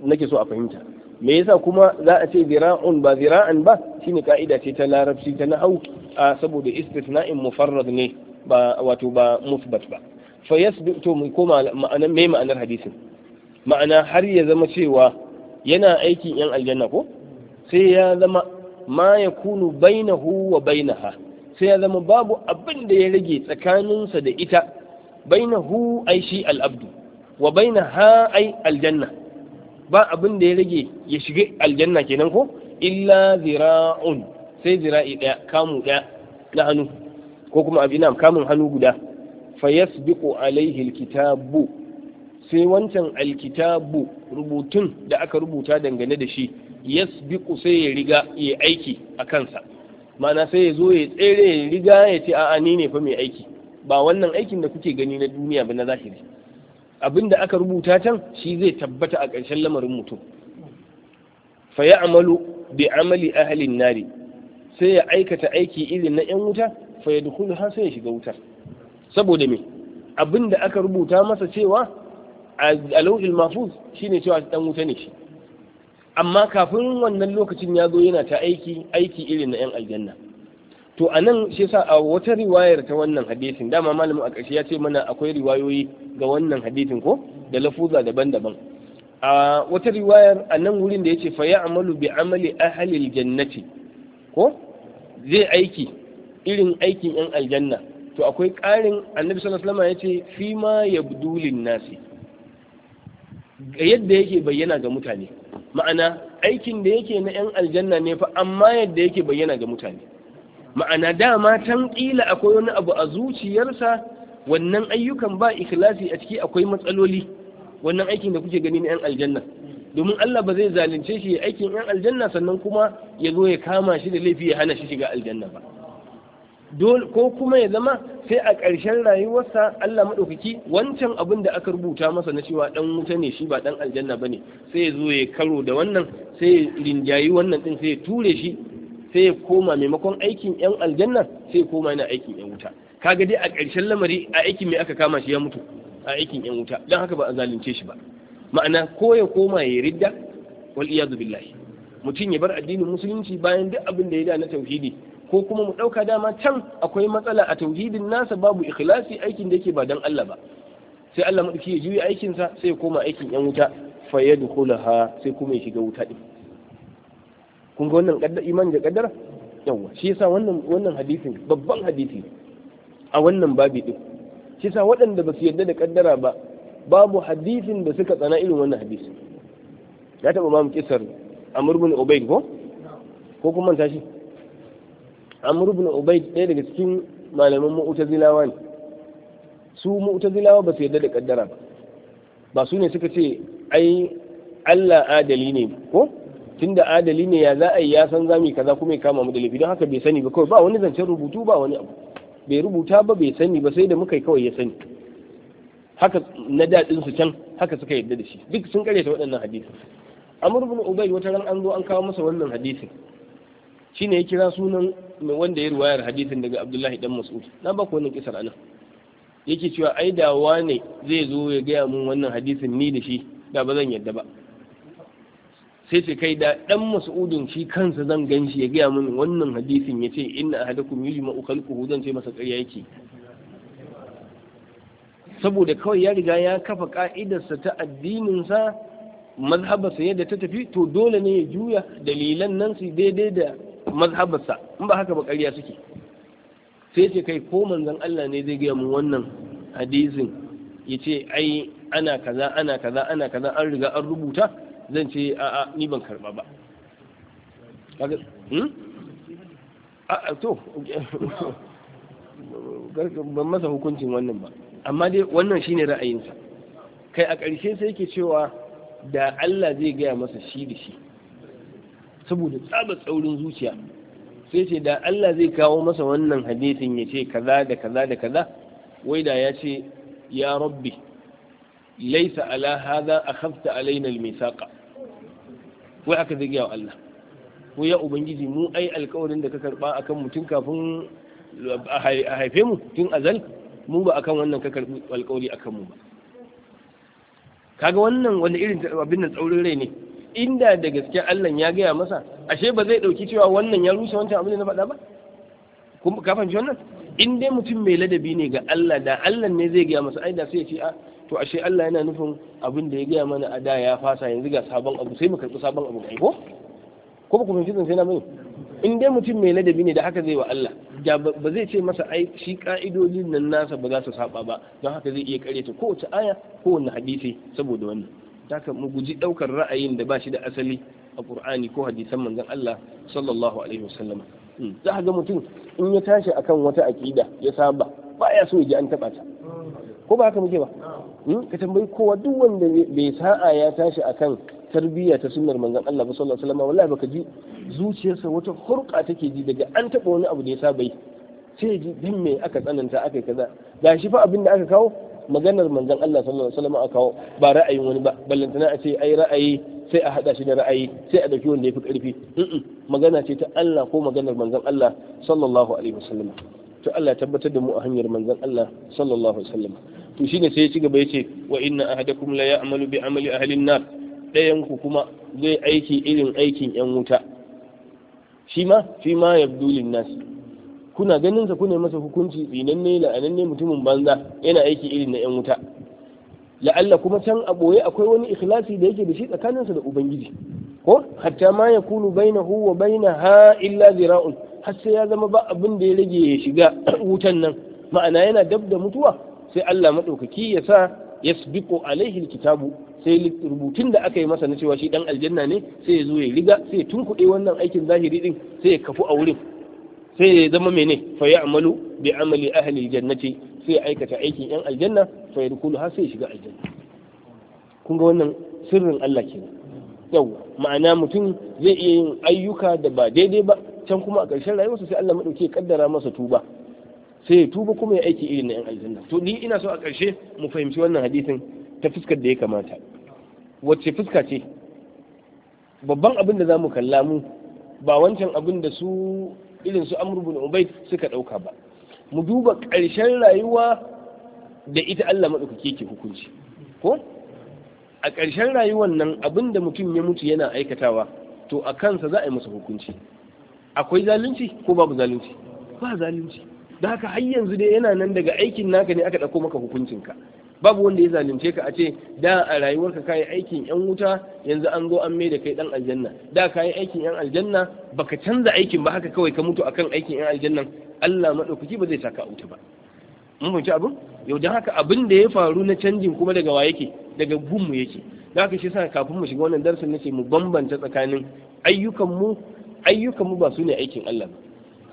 nake so a fahimta me yasa kuma za a ce zira'un ba zira'an ba shine ka'ida ce ta larabci ta nahwu saboda istifna'in mufarrad ne ba wato ba musbat ba fa yasbitu mun koma ma'ana me ma'anar hadisin ma'ana har ya zama cewa yana aikin yan aljanna ko sai ya zama ma ya kunu bainahu wa bainaha sai ya zama babu abin da ya rage tsakaninsa da ita bainahu ai shi al'abdu wa bainaha ai aljanna ba abin da ya rage ya shiga aljanna kenan ko illa zira'un sai zira'i daya kamu daya na hannu ko kuma abinam kamun hannu guda fayasbiqu alaihi alkitabu sai wancan alkitabu rubutun da aka rubuta dangane da shi yasbiqu sai ya riga ya aiki a kansa mana sai ya zo ya tsere ya riga ya ce a'a ni ne fa mai aiki ba wannan aikin da kuke gani na duniya ba na zahiri abin da aka rubuta can shi zai tabbata a ƙarshen lamarin mutum fa ya amalu bi amali ahalin nari sai ya aikata aiki irin na 'yan wuta fa ya dukulu har sai ya shiga wutar saboda me abin da aka rubuta masa cewa a lauhil mafuz shine cewa dan wuta ne shi amma kafin wannan lokacin ya zo yana ta aiki aiki irin na yan aljanna to a nan shi yasa a wata riwayar ta wannan hadisin dama malamin a ƙarshe ya ce mana akwai riwayoyi ga wannan hadisin ko da lafuza daban-daban a wata riwayar a nan wurin da ya ce fa ya amalu bi amali ahalil jannati ko zai aiki irin aikin yan aljanna to akwai ƙarin annabi sallallahu alaihi wasallam ya ce fi yabdulin nasi Ga yadda yake bayyana ga mutane ma'ana aikin da yake na 'yan aljanna ne fa amma yadda yake bayyana ga mutane ma'ana dama tan ƙila akwai wani abu a zuciyarsa wannan ayyukan ba ikhlasi a ciki akwai matsaloli wannan aikin da kuke gani na 'yan aljanna domin Allah ba zai zalunce shi aikin 'yan aljanna sannan kuma ya zo ya kama shi da laifi ya hana shi shiga aljanna ba ko kuma ya zama sai a ƙarshen rayuwarsa Allah maɗaukaki wancan abin da aka rubuta masa na cewa ɗan wuta ne shi ba ɗan aljanna ba ne sai ya zo ya karo da wannan sai ya rinjayi wannan ɗin sai ya ture shi sai ya koma maimakon aikin ‘yan aljanna sai ya koma yana aikin ‘yan wuta kaga dai a ƙarshen lamari a aikin mai aka kama shi ya mutu a aikin ‘yan wuta don haka ba a zalunce shi ba ma'ana ko ya koma ya ridda wal iyazu billahi mutum ya bar addinin musulunci bayan duk abin da ya da na tauhidi ko kuma mu ɗauka dama can akwai matsala a tauhidin nasa babu ikhlasi aikin da yake ba dan Allah ba sai Allah madauki ya juya aikinsa sai ya koma aikin yan wuta fa yadkhulaha sai kuma ya shiga wuta din kun ga wannan kaddar iman da kaddara yawa shi yasa wannan wannan hadisin babban hadisi a wannan babi din shi yasa waɗanda ba su yarda da kaddara ba babu hadisin da suka tsana irin wannan hadisi ya taɓa mamu kisar amur bin ubayd ko ko kuma manta shi amr ibn ubayd ɗaya daga cikin malaman mu'tazilawa ne su mu'tazilawa ba su yarda da kaddara ba ba su ne suka ce ai Allah adali ne ko tunda adali ne ya za a yi ya san zami kaza kuma ya kama mu da laifi don haka bai sani ba kawai ba wani zancen rubutu ba wani abu bai rubuta ba bai sani ba sai da muka yi kawai ya sani haka na daɗin su can haka suka yarda da shi duk sun karyata waɗannan hadisi amr ibn ubay wata ran an zo an kawo masa wannan hadisin shine ya kira sunan wanda ya ruwayar hadisin daga abdullahi dan mas'ud na ba ku wannan kisar anan yake cewa ai da wane zai zo ya gaya mun wannan hadisin ni da shi da ba zan yadda ba sai ce kai da dan mas'udin shi kansa zan gan shi ya gaya mun wannan hadisin ya ce inna ahadakum yujma'u khalquhu zan ce masa ƙarya yake saboda kawai ya riga ya kafa ka'idarsa ta addininsa mazhabarsa yadda ta tafi to dole ne ya juya dalilan nan su daidai da mazhabarsa in ba haka ba ƙarya suke sai ce kai ko manzon Allah ne zai gaya mu wannan hadisin ya ce ai ana kaza ana kaza ana kaza an riga an rubuta zan ce a'a ni ban karba ba a hmm? to ban masa hukuncin wannan ba amma dai wannan shine ra'ayinsa kai a ƙarshe sai ke cewa da Allah zai gaya masa shi da shi saboda tsaba tsaurin zuciya sai ce da Allah zai kawo masa wannan hadisin ya ce kaza da kaza da kaza wai da ya ce ya rabbi laisa ala hadha akhafta alaina almisaqa wai haka zai ga Allah ko ya ubangiji mu ai alƙawarin da ka karba akan mutum kafin a haife mu tun azal mu ba akan wannan ka karbi alƙawari akan mu ba kaga wannan wani irin abin nan tsaurin rai ne inda da gaske Allah ya gaya masa ashe ba zai dauki cewa wannan ya rushe wancan abin da na faɗa ba kun ka fahimci wannan in dai mutum mai ladabi ne ga Allah da Allah ne zai gaya masa ai da sai ya ce a ah, to ashe Allah yana nufin abin da ya gaya mana a da ya fasa yanzu ga sabon abu sai mu karɓi sabon abu ko ko ba ku fahimci zan sai na bane in dai mutum mai ladabi ne da haka zai wa Allah da ba zai ce masa ai shi ka'idodin nan nasa ba za su saba ba don haka zai iya ta kowace aya kowanne hadisi saboda wannan haka mu guji daukar ra'ayin da ba shi da asali a Qur'ani ko hadisan manzon Allah sallallahu alaihi wasallam hmm. za ga mutum in ya tashi akan wata aqida ya saba ba ya so ya ji an taba ta ko ba haka muke ba hmm? ka tambayi kowa duk wanda bai sa'a ya tashi akan tarbiyya ta sunnar manzon Allah ba sallallahu alaihi wasallam wallahi baka ji zuciyarsa wata hurka take ji daga an taba wani abu da ya saba yi sai ji dan me aka tsananta aka kaza gashi fa abin da aka kawo maganar manzon Allah sallallahu alaihi wasallam a kawo ba ra'ayin wani ba ballantana a ce ai ra'ayi sai a hada shi da ra'ayi sai a dauki wanda yafi karfi magana ce ta Allah ko maganar manzon Allah sallallahu alaihi wasallam to Allah tabbatar da mu a hanyar manzon Allah sallallahu alaihi wasallam to shine sai ya ci gaba yace wa inna ahadakum la ya'malu bi amali ahli an-nar dayan ku kuma zai aiki irin aikin yan wuta shi ma fi ma yabdulin nas kuna ganin sa kuna masa hukunci tsinanne la'ananne mutumin banza yana aiki irin na yan wuta la'alla kuma can a boye akwai wani ikhlasi da yake da shi tsakanin sa da ubangiji ko hatta ma ya kunu bainahu wa bainaha illa zira'un har sai ya zama ba abin da ya rage ya shiga wutan nan ma'ana yana dab da mutuwa sai Allah madaukaki ya sa yasbiqu alaihi alkitabu sai rubutun da aka yi masa na cewa shi dan aljanna ne sai ya zo ya riga sai ya tunkuɗe wannan aikin zahiri din sai ya kafu a wurin sai ya zama mene fa ya amalu bi amali ahli jannati sai ya aikata aikin yan aljanna fa ya yadkhulu har sai ya shiga aljanna kun ga wannan sirrin Allah ke Yau, ma'ana mutum zai iya yin ayyuka da ba daidai ba can kuma a ƙarshen rayuwarsa sai Allah madauke kaddara masa tuba sai ya tuba kuma ya aiki irin na yan aljanna to ni ina so a ƙarshe mu fahimci wannan hadisin ta fuskar da ya kamata wacce fuska ce babban abin da za mu kalla mu ba wancan abin da su irin su amur bin ubayd suka dauka ba mu duba ƙarshen rayuwa da ita Allah madaukake ke hukunci ko a ƙarshen rayuwan nan abinda mutum ya mutu yana aikatawa to a kansa za a yi masa hukunci akwai zalunci ko babu zalunci ba zalunci da haka har yanzu dai yana nan daga aikin naka ne aka ɗauko maka hukuncinka babu wanda ya zalunce ka a ce da a rayuwarka kayi aikin yan wuta yanzu an zo an maida da kai dan aljanna da kayi aikin yan aljanna baka canza aikin ba haka kawai ka mutu akan aikin yan aljannan Allah madaukaki ba zai saka wuta ba mun fahimci abin yau dan haka abin da ya faru na canjin kuma daga wa yake daga mu yake da haka shi sa kafin mu shiga wannan darasin nace mu bambanta tsakanin ayyukan mu ayyukan mu ba su ne aikin Allah ba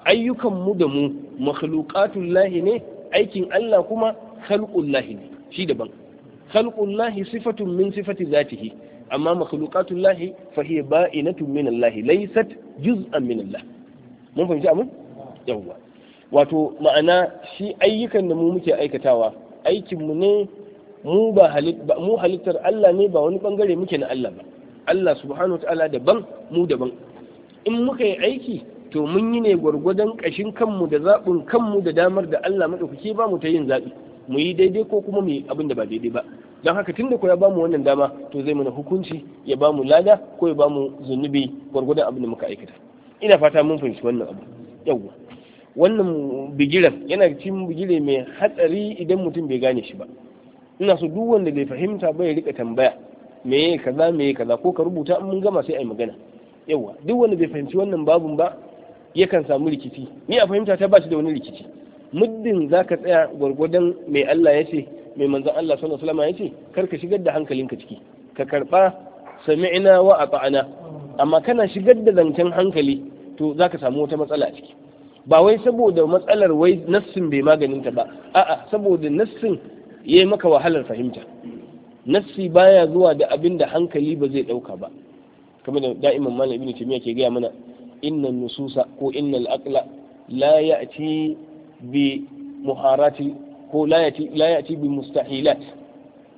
ayyukan mu da mu makhluqatul lahi ne aikin Allah kuma khalqul lahi ne shi daban khalqullahi sifatun min sifati zatihi amma makhluqatullahi fa hiya ba'inatun min Allah laysat juz'an min Allah mun fahimci abin yawa wato ma'ana shi ayyukan da mu muke aikatawa aikin mu ne mu ba mu halittar Allah ne ba wani bangare muke na Allah ba Allah subhanahu wa daban mu daban in muka yi aiki to mun yi ne gwargwadon kashin kanmu da zaɓin kanmu da damar da Allah maɗaukaki ba mu ta yin zaɓi mu yi daidai ko kuma mu yi abin da ba daidai ba don haka tun da ko ya ba mu wannan dama to zai mana hukunci ya bamu lada ko ya bamu zunubi gwargwadon abin da muka aikata ina fata mun fahimci wannan abu yawwa wannan bigiran yana cikin bigire mai hatsari idan mutum bai gane shi ba ina so duk wanda bai fahimta ba ya rika tambaya ya kaza me ya kaza ko ka rubuta in mun gama sai a yi magana Yawwa, duk wanda bai fahimci wannan babun ba yakan samu rikici ni a fahimta ta ba shi da wani rikici muddin za ka tsaya gwargwadon mai Allah ya ce mai manzan Allah sallallahu alaihi ya ce kar ka shigar da hankalinka ciki ka karɓa sami'ina wa ata'ana amma kana shigar da zancen hankali to za ka samu wata matsala a ciki ba wai saboda matsalar wai nassin bai ta ba a'a saboda nassin yayi maka wahalar fahimta nassi baya zuwa da abin da hankali ba zai ɗauka ba kamar da da'iman malam ibnu taymiya ke gaya mana innan nususa ko innal aqla la ya'ti bi muharati ko la ya'ti bi mustahilat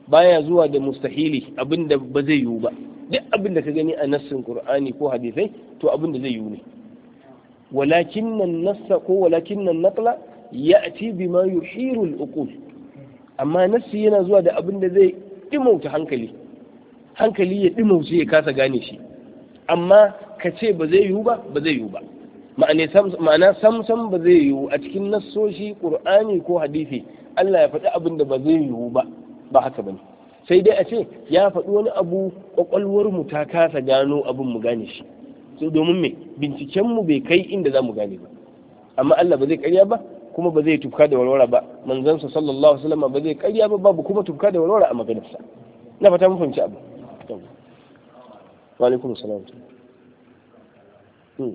baya zuwa da mustahili abinda ba zai yiwu ba duk abinda ka gani a nassin qur'ani ko hadisai to abinda zai yiwu ne walakin nan nassa ko walakin nan naqla ya'ti bima yuhiru al-uqul amma nassi yana zuwa da abinda zai dimauta hankali hankali ya dimauce ya kasa gane shi amma ka ce ba zai yiwu ba ba zai yiwu ba ma'ana samsam ba zai yiwu a cikin nassoshi qur'ani ko hadisi Allah ya faɗi abin da ba zai yiwu ba ba haka bane sai dai a ce ya faɗi wani abu ƙwaƙwalwar mu ta kasa gano abin mu gane shi so domin me binciken mu bai kai inda za mu gane ba amma Allah ba zai karya ba kuma ba zai tufka da walwala ba sa sallallahu alaihi wasallam ba zai karya ba babu kuma tufka da walwala a maganarsa na fata mun fahimci abu wa alaikum assalam hmm.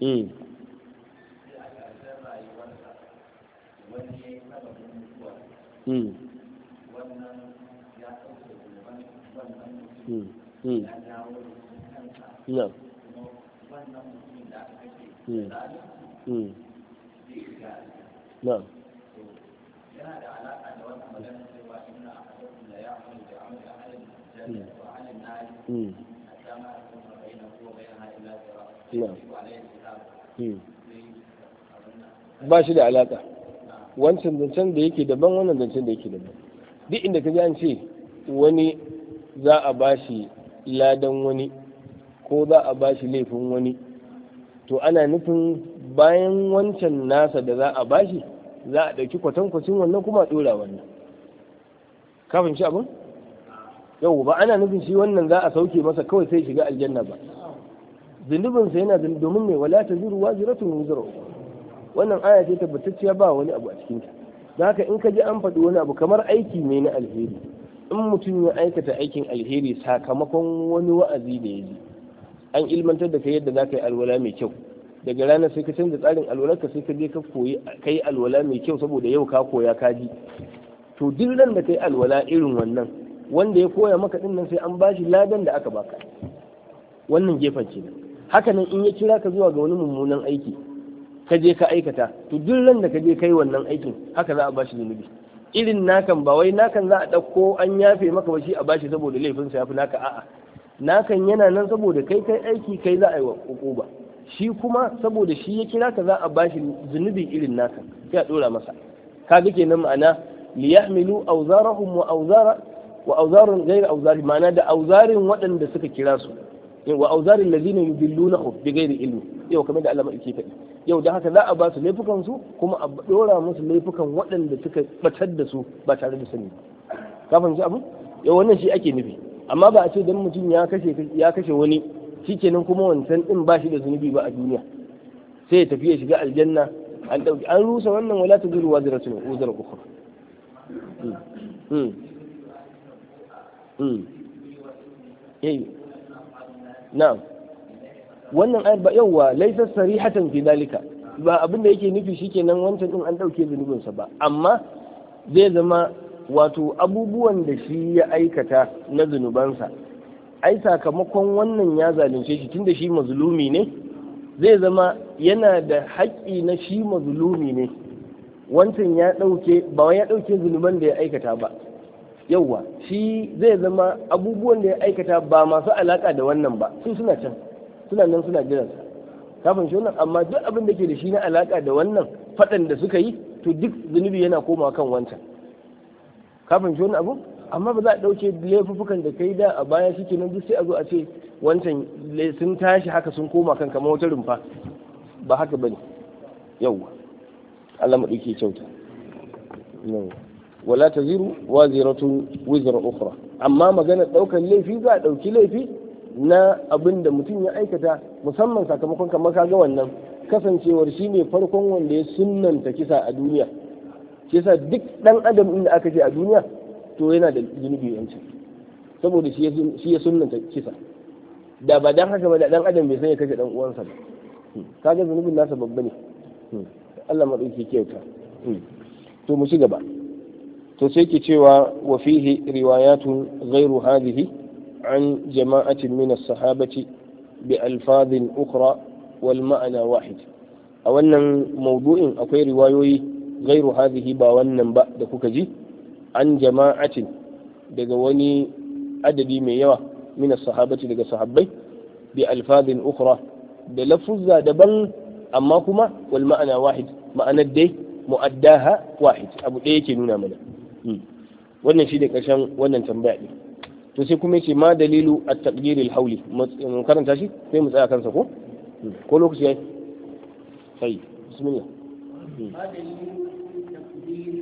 Mm. Mm. Mm. No. No. Hmm. ba shi da alaka wancan zancen da yake daban wannan zancen da yake daban duk inda ka ji an ce wani za a ba shi ladan wani ko za a ba shi laifin wani to ana nufin bayan wancan nasa da za a ba shi za a ɗauki kwatankwacin wannan kuma a ɗora wannan kafin shi abin yau ba ana nufin shi wannan za a sauke masa kawai sai shiga aljanna ba zunubin sa yana domin mai wala ta ziru waziratun wuzura wannan aya ce tabbatacciya ba wani abu a cikin ta. da haka in ka ji an faɗi wani abu kamar aiki ne na alheri in mutum ya aikata aikin alheri sakamakon wani wa'azi da ya ji an ilmantar da kai yadda za ka yi alwala mai kyau daga rana sai ka canza tsarin alwalarka sai ka je ka koyi kai alwala mai kyau saboda yau ka koya ka ji to duk nan da kai alwala irin wannan wanda ya koya maka din sai an bashi ladan da aka baka wannan gefen kenan haka nan in ya kira ka zuwa ga wani mummunan aiki ka je ka aikata to duk ran da ka je kai wannan aikin haka za a bashi zunubi irin nakan ba wai nakan za a ɗauko an yafe maka ba shi a bashi saboda laifinsa ya fi naka a'a nakan yana nan saboda kai kai aiki kai za a yi wa ba shi kuma saboda shi ya kira ka za a bashi zunubi irin nakan sai a ɗora masa kaga kenan ma'ana yahmilu awzarahum wa awzara wa awzarun ghayr awzari ma'ana da auzarin waɗanda suka kira su wa auzarin lazina yudillunahu bi ilmi yau kamar da Allah mai faɗi yau da haka za a ba su laifukan su kuma a dora musu laifukan waɗanda suka batar da su ba tare da sani ka fahimci abu yau wannan shi ake nufi amma ba a ce dan mutum ya kashe ya kashe wani shikenan kuma wancan din ba shi da zunubi ba a duniya sai ya tafi ya shiga aljanna an dauki an rusa wannan wala ta waziratun uzra ukhra hmm hmm hmm na'am wannan ayar ba yauwa laisa sarihatan fi dalika ba abinda da yake nufi shi shikenan wancan din an dauke zunubinsa ba amma zai zama wato abubuwan da shi ya aikata na zunubansa ai sakamakon wannan ya zalunce shi tunda shi mazlumi ne zai zama yana da haƙƙi na shi mazlumi ne wancan ya ɗauke ba ya ɗauke zunuban da ya aikata ba yauwa shi zai zama abubuwan da ya aikata ba masu alaka da wannan ba su suna can suna nan suna jiransa kafin shi wannan amma duk abin da ke da shi na alaka da wannan fadan da suka yi to duk zunubi yana komawa kan wancan kafin shi wannan abu amma ba za a dauke laifukan da kai da a baya shi kenan duk sai a zo a ce wancan sun tashi haka sun koma kan kamar wata rumfa ba haka bane yauwa Allah mu dauke kyauta yauwa wala ta wa waziratun wizara ukura. amma magana ɗaukan laifi za a ɗauki laifi na abin da mutum ya aikata musamman sakamakon kamar kaga wannan kasancewar shi ne farkon wanda ya sunanta kisa a duniya shi yasa duk ɗan adam inda aka ce a duniya to yana da zunubi yanci saboda shi ya sunanta kisa da ba dan haka ba da ɗan adam bai san ya kashe ɗan uwansa ba hmm. kaga zunubin nasa babba ne hmm. Allah maɗauki kyauta hmm. to mu ci gaba to sai ki cewa wa fihi riwayatun ghairu hadhihi an jama'atin min as-sahabati bi alfadhin ukhra wal ma'ana wahid a wannan maudu'in akwai riwayoyi ghairu hadhihi ba wannan ba da kuka ji an jama'atin daga wani adadi mai yawa min sahabati daga sahabbai bi alfadhin ukhra da lafuzza daban amma kuma wal ma'ana wahid ma'anar dai mu'addaha wahid abu ɗaya yake nuna mana Hmm. wannan shi ne karshen wannan tambaya din to sai kuma yake ma dalilu a taɓirin hauli. Mu mun karanta shi sai mu tsaya kansa ko hmm. ko lokaci yi sai bismillah hmm. ma dalilu taqdir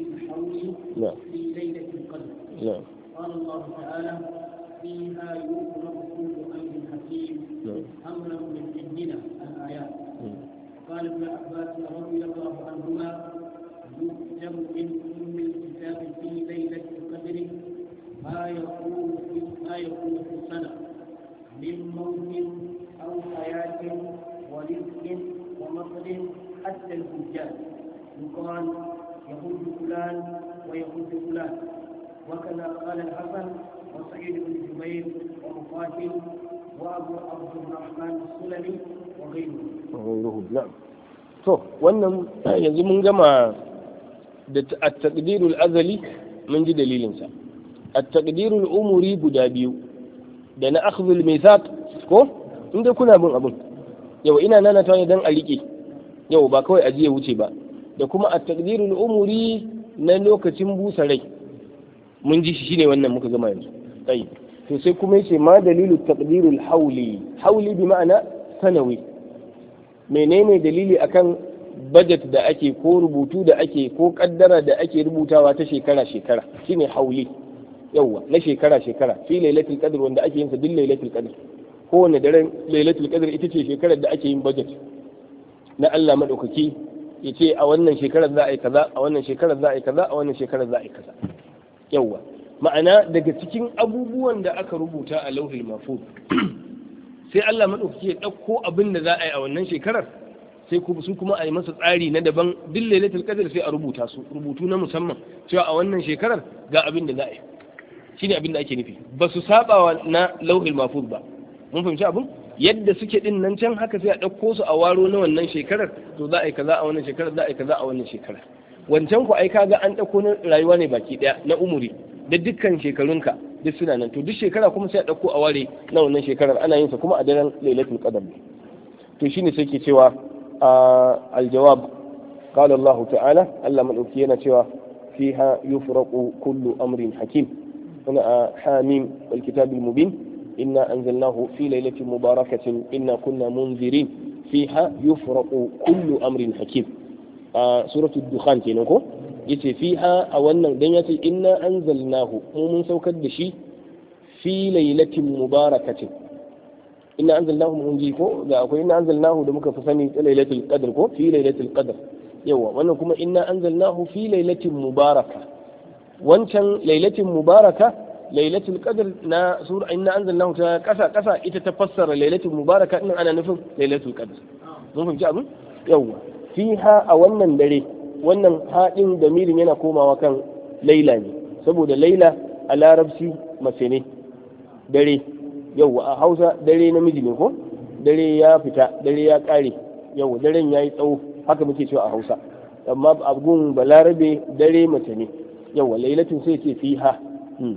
al fi قال ابن عباس رضي الله عنهما يكتب من ما يكون في ما من موت أو حياة ورزق ومصر حتى الفجار يقال يهود فلان ويهود فلان وكذا قال الحسن وسعيد بن جبير ومقاتل وابو عبد الرحمن السلمي وغيره وغيرهم نعم to wannan yanzu mun gama da a takdirul azali mun ji dalilinsa at-taqdirul umuri guda biyu da na akhdhul mithaq ko inda kuna bin abun yau ina nana ta dan a rike yau ba kawai aji wuce ba da kuma a takdiru umuri na lokacin busa rai mun ji shi ne wannan muka gama yanzu tayyib to sai kuma yace ma dalilu taqdirul hauli hauli bi ma'ana sanawi menene dalili akan budget da ake ko rubutu da ake ko kaddara da ake rubutawa ta shekara shekara shine hauli yawwa na shekara shekara fi lailatul qadr wanda ake yin sa duk lailatul qadr kowane daren lailatul qadr ita ce shekarar da ake yin budget na Allah madaukaki ya ce a wannan shekarar za a yi kaza a wannan shekarar za a yi kaza a wannan shekarar za a yi kaza yawwa ma'ana daga cikin abubuwan da aka rubuta a lauhul mahfuz sai Allah madaukaki ya dauko abin da za a yi a wannan shekarar sai kuma su kuma a yi masa tsari na daban duk lailatul qadr sai a rubuta su rubutu na musamman cewa a wannan shekarar ga abin da za a yi ne abin da ake nufi ba su saba wa na lauhil mafuz ba mun fahimci abin yadda suke din nan can haka sai a ɗauko su a waro na wannan shekarar to za a yi kaza a wannan shekarar za a yi kaza a wannan shekarar wancan ku ai kaga an ɗauko na rayuwa ne baki ɗaya na umuri da dukkan shekarunka duk suna nan to duk shekara kuma sai a ɗauko a ware na wannan shekarar ana yin sa kuma a daren lailatul qadar ne to shine sai ke cewa al qala Allah ta'ala Allah madauki yana cewa fiha yufraqu kullu amrin hakim حاميم والكتاب المبين إنا أنزلناه في ليلة مباركة إنا كنا منذرين فيها يفرق كل أمر حكيم آه سورة الدخان كينوكو يتي فيها أولا دنيتي إنا أنزلناه ومن سوك الدشي في ليلة مباركة إنا أنزلناه منجيكو إنا أنزلناه دمك فساني ليلة القدر كو في ليلة القدر يوه وأنكم إنا أنزلناه في ليلة مباركة wancan lailatin mubaraka lailatul qadr na sura inna anzalnahu ta kasa kasa ita ta fassara lailatul mubaraka din ana nufin lailatul qadr mun fahimci abin yawa fiha a wannan dare wannan haɗin damirin yana komawa kan laila ne saboda laila a larabci mace ne dare yawa a hausa dare namiji ne ko dare ya fita dare ya ƙare yawa daren ya yi tsawo haka muke cewa a hausa amma abgun balarabe dare mace ne yawa lailatin sai ce fiha hmm.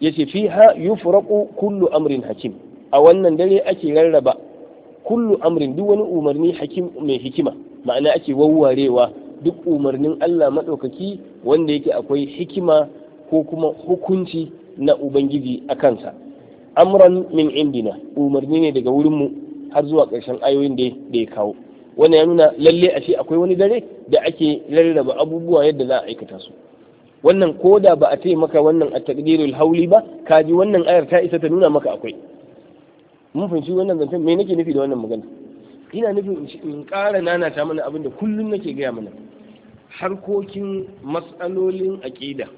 yace fiha yufraqu kullu amrin hakim a wannan dare ake rarraba kullu amrin duk wani umarni hakim mai hikima ma'ana ake wawwarewa duk umarnin Allah madaukaki wanda yake akwai hikima ko kuma hukunci na ubangiji a kansa amran min indina umarni ne daga wurinmu har zuwa ƙarshen ayoyin da ya kawo wannan ya nuna lalle ashe akwai wani dare da ake rarraba abubuwa yadda za a aikata su wannan koda ba a ce maka wannan a takdirul hauli ba ka ji wannan ayar ta isa ta nuna maka akwai mun fahimci wannan zancen me nake nufi da wannan magana ina nufin in ƙara nanata mana abin da kullum nake gaya mana harkokin matsalolin aƙida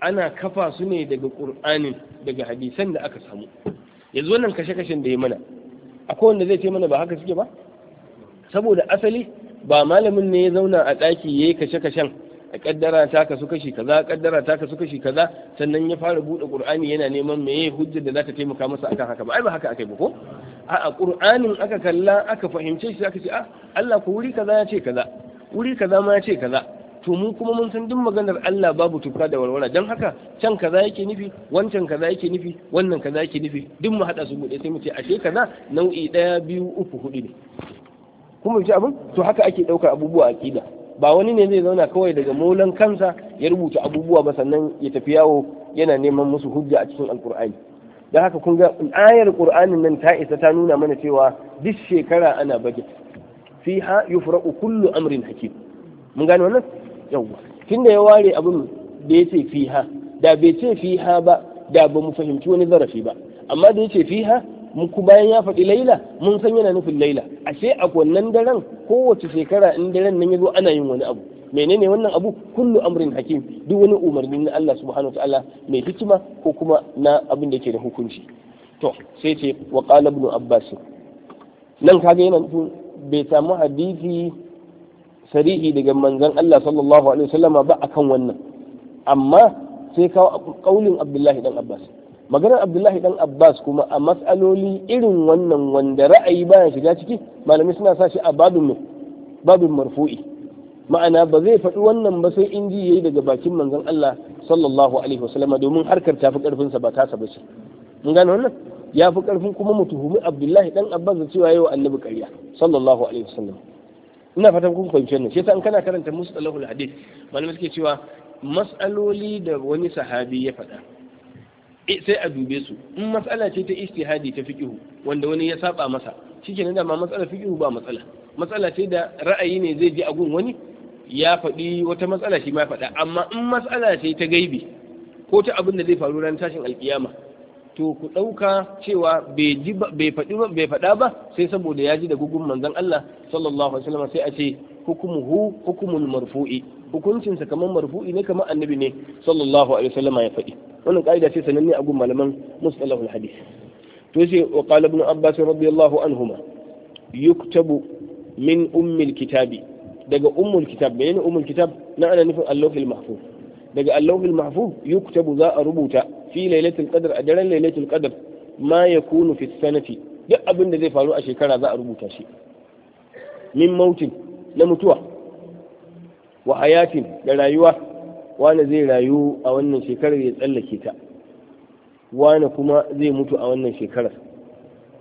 ana kafa su ne daga ƙur'anin daga hadisan da aka samu yanzu wannan kashe-kashen da ya mana akwai wanda zai ce mana ba haka suke ba saboda asali ba malamin ne ya zauna a ɗaki ya yi kashe-kashen a kaddara ta suka shi kaza kaddara ta suka shi kaza sannan ya fara bude qur'ani yana neman meye hujjar da za ta taimaka masa akan haka ba ai ba haka akai ba ko a qur'anin aka kalla aka fahimce shi aka ce a ah, Allah ko wuri kaza ya ce kaza wuri kaza ma ya ce kaza to mu kuma mun san duk maganar Allah babu tuka da warwara dan haka can kaza yake nufi wancan kaza yake nufi wannan kaza yake nufi duk mu hada su bude sai mu ce ashe kaza nau'i daya biyu uku hudu ne kuma ji abin to haka ake dauka abubuwa akida ba wani ne zai zauna kawai daga molan kansa ya rubuta abubuwa ba sannan ya tafi yawo yana neman musu hujja a cikin alkur'ani da haka kun ga ayar qur'anin nan ta isa ta nuna mana cewa duk shekara ana budget fiha yufraqu kullu amrin hakim mun gane wannan yawwa tunda ya ware abin da yace fiha da bai ce fiha ba da ba mu fahimci wani zarafi ba amma da yace fiha mu bayan ya faɗi laila mun san yana nufin laila ashe a wannan daren kowace shekara in daren nan ya zo ana yin wani abu menene wannan abu kullu amrin hakim duk wani umarni na Allah subhanahu wa ta'ala mai hikima ko kuma na abin da ke da hukunci to sai ce wa qala ibn abbas nan kaga yana nufin bai samu hadisi sarihi daga manzon Allah sallallahu alaihi wasallama ba akan wannan amma sai kawo kaulin Abdullahi dan Abbas maganar abdullahi dan abbas kuma a matsaloli irin wannan wanda ra'ayi baya shiga ciki malami suna sa shi a babin marfu'i ma'ana ba zai faɗi wannan ba sai in ji yayi daga bakin manzon Allah sallallahu alaihi wasallam domin harkar tafi karfin sa ba ta tasa bace mun gane wannan ya fi karfin kuma mu tuhumi abdullahi dan abbas da cewa yayi annabi ƙarya sallallahu alaihi wasallam ina fatan kun fahimci wannan shi yasa in kana karanta mustalahul hadith malamai suke cewa mas'aloli da wani sahabi ya faɗa Eh, sai a dube su in matsala ce ta istihadi ta fiqihu wanda wani ya saba masa shikenan da ma matsala fiqihu ba matsala matsala ce da ra'ayi ne zai je a gun wani ya faɗi wata matsala shi ma faɗa amma in matsala ce ta gaibi ko ta abin da zai faru ran tashin alkiyama to ku ɗauka cewa bai faɗa ba sai saboda ya ji da gugun manzon Allah sallallahu alaihi wasallam sai a ce hukumuhu hukumul marfu'i hukuncinsa kamar marfu'i ne kamar annabi ne sallallahu alaihi wasallama ya faɗi wannan ƙa'ida ce sananne a gun malaman mustalahul hadith to yace wa qala ibn abbas radiyallahu anhuma yuktabu min ummil kitabi daga ummul kitab menene ummul kitab na ana nufin allahul mahfuz daga allahul mahfuz yuktabu za a rubuta fi lailatul qadr a daren lailatul qadr ma yakunu fi sanati duk abin da zai faru a shekara za a rubuta shi min mautin na mutuwa wa hayatin da rayuwa wani zai rayu a wannan shekarar ya tsallake ta wani kuma zai mutu a wannan shekarar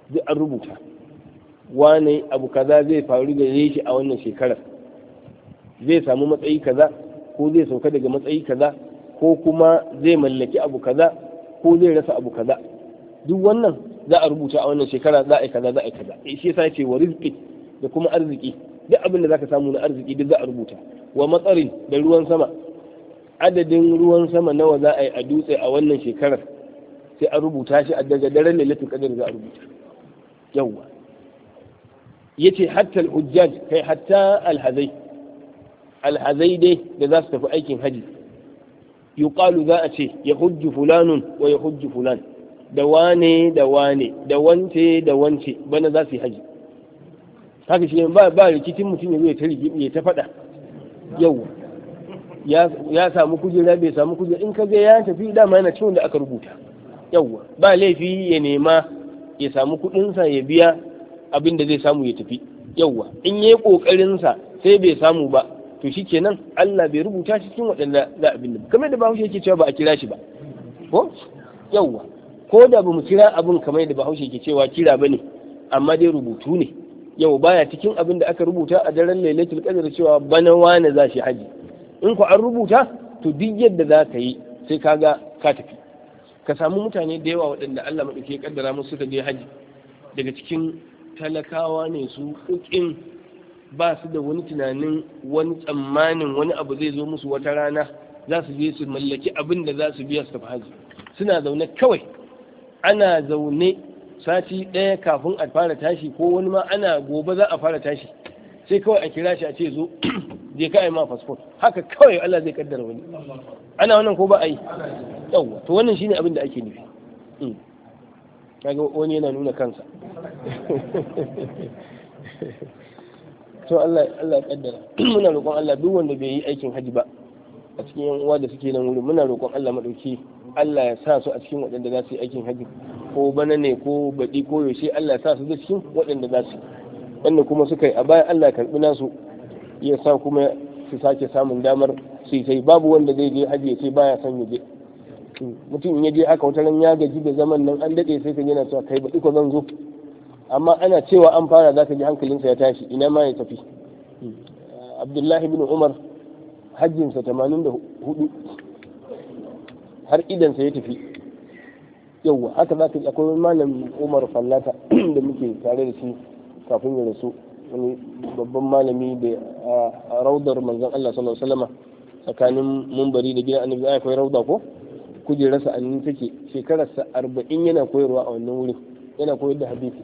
duk an rubuta wani abu kaza zai faru da shi a wannan shekarar zai samu matsayi kaza ko zai sauka daga matsayi kaza ko kuma zai mallaki abu kaza ko zai rasa abu kaza duk wannan za a rubuta a wannan shekara za a yi kaza za a yi kaza eh, shi yasa ce wa rizqi da kuma arziki duk abin da zaka samu na arziki duk za a rubuta wa matsarin da ruwan sama adadin ruwan sama nawa za a yi a dutse a wannan shekarar sai a rubuta shi a daga daren lailatul kadar za a rubuta yawwa yace hatta al-hujjaj kai hatta al-hazai alhazai dai da za su tafi aikin haji yuqalu za a ce ya hujju fulanun wa ya hujju fulan da wane da wane da wance da wance bana za su yi haji haka shi ba ba rikicin mutum ya ta ya ta faɗa yau ya samu kujera bai samu kujera in ka ga ya tafi dama yana cin da aka rubuta yawwa ba laifi ya nema ya samu kuɗinsa ya biya abin da zai samu ya tafi yawwa in yayi kokarinsa sai bai samu ba to shikenan Allah bai rubuta shi cikin waɗanda za abin da kamar da Bahaushe yake cewa ba a kira shi ba ko yawwa ko da ba mu kira abin kamar da Bahaushe yake cewa kira bane amma dai rubutu ne yau baya cikin abin da aka rubuta a daren lailatul qadr cewa bana wane za shi haji in ku an rubuta to duk yadda za ka yi sai ka ga ka tafi ka samu mutane da yawa waɗanda Allah maɗauki ya kaddara musu da je haji daga cikin talakawa ne su ukin ba su da wani tunanin wani tsammanin wani abu zai zo musu wata rana za su je su mallaki abin da za su biya su tafi haji suna zaune kawai ana zaune sati ɗaya kafin a fara tashi ko wani ma ana gobe za a fara tashi sai kawai a kira shi a ce zo je ka ma fasfot haka kawai Allah zai kaddara wani ana wannan ko ba a yi yawwa to wannan shine abin da ake nufi mm. kaga wani yana nuna kansa to Allah Allah ya kaddara muna roƙon Allah duk wanda bai yi aikin haji ba a cikin yan uwa da suke nan wurin muna roƙon Allah madauki Allah ya sa su a cikin waɗanda za su yi aikin hajji ko bana ne ko baɗi ko yaushe Allah ya sa su cikin waɗanda za su wanda kuma suka yi a baya Allah ya karɓi nasu ya sa kuma su sake samun damar su yi babu wanda zai je hajji ya ce baya son ya je mutum ya je haka wata ran ya gaji da zaman nan an dade sai ka yana cewa kai baɗi ko zan zo amma ana cewa an fara za ka ji hankalinsa ya tashi ina ma ya tafi hmm. abdullahi bin umar hajjinsa 84 har idansa ya tafi yauwa haka za ka yi akwai malam umar fallata da muke tare da shi kafin ya rasu wani babban malami da a raudar manzon Allah sallallahu alaihi wasallam tsakanin mumbari da gidan annabi akwai rauda ko kujerarsa annin take shekararsa arba'in yana koyarwa a wannan wurin yana koyar da hadisi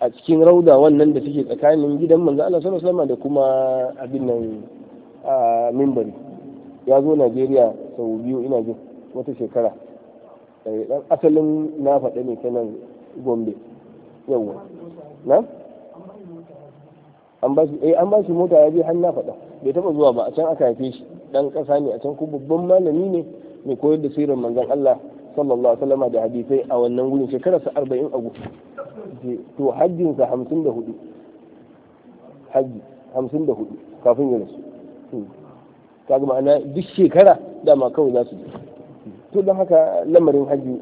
a cikin rauda wannan da suke tsakanin gidan manzan Allah sallallahu alaihi wasallam da kuma abin nan a mimbari ya zo najeriya sau biyu ina jin wata shekara eh, dan asalin na faɗa ne ta nan gombe yau na eh, an ba shi mota ya je har na faɗa bai taɓa zuwa ba a can aka haife shi dan ƙasa ne a can ko babban malami ne mai koyar da sirrin manzon Allah sallallahu alaihi wa da hadisai a wannan shekara sa arba'in a to hajjinsa hamsin da hudu hajji hamsin da hudu kafin ya rasu kaga ma'ana duk shekara dama kawai za su je to don haka lamarin hajji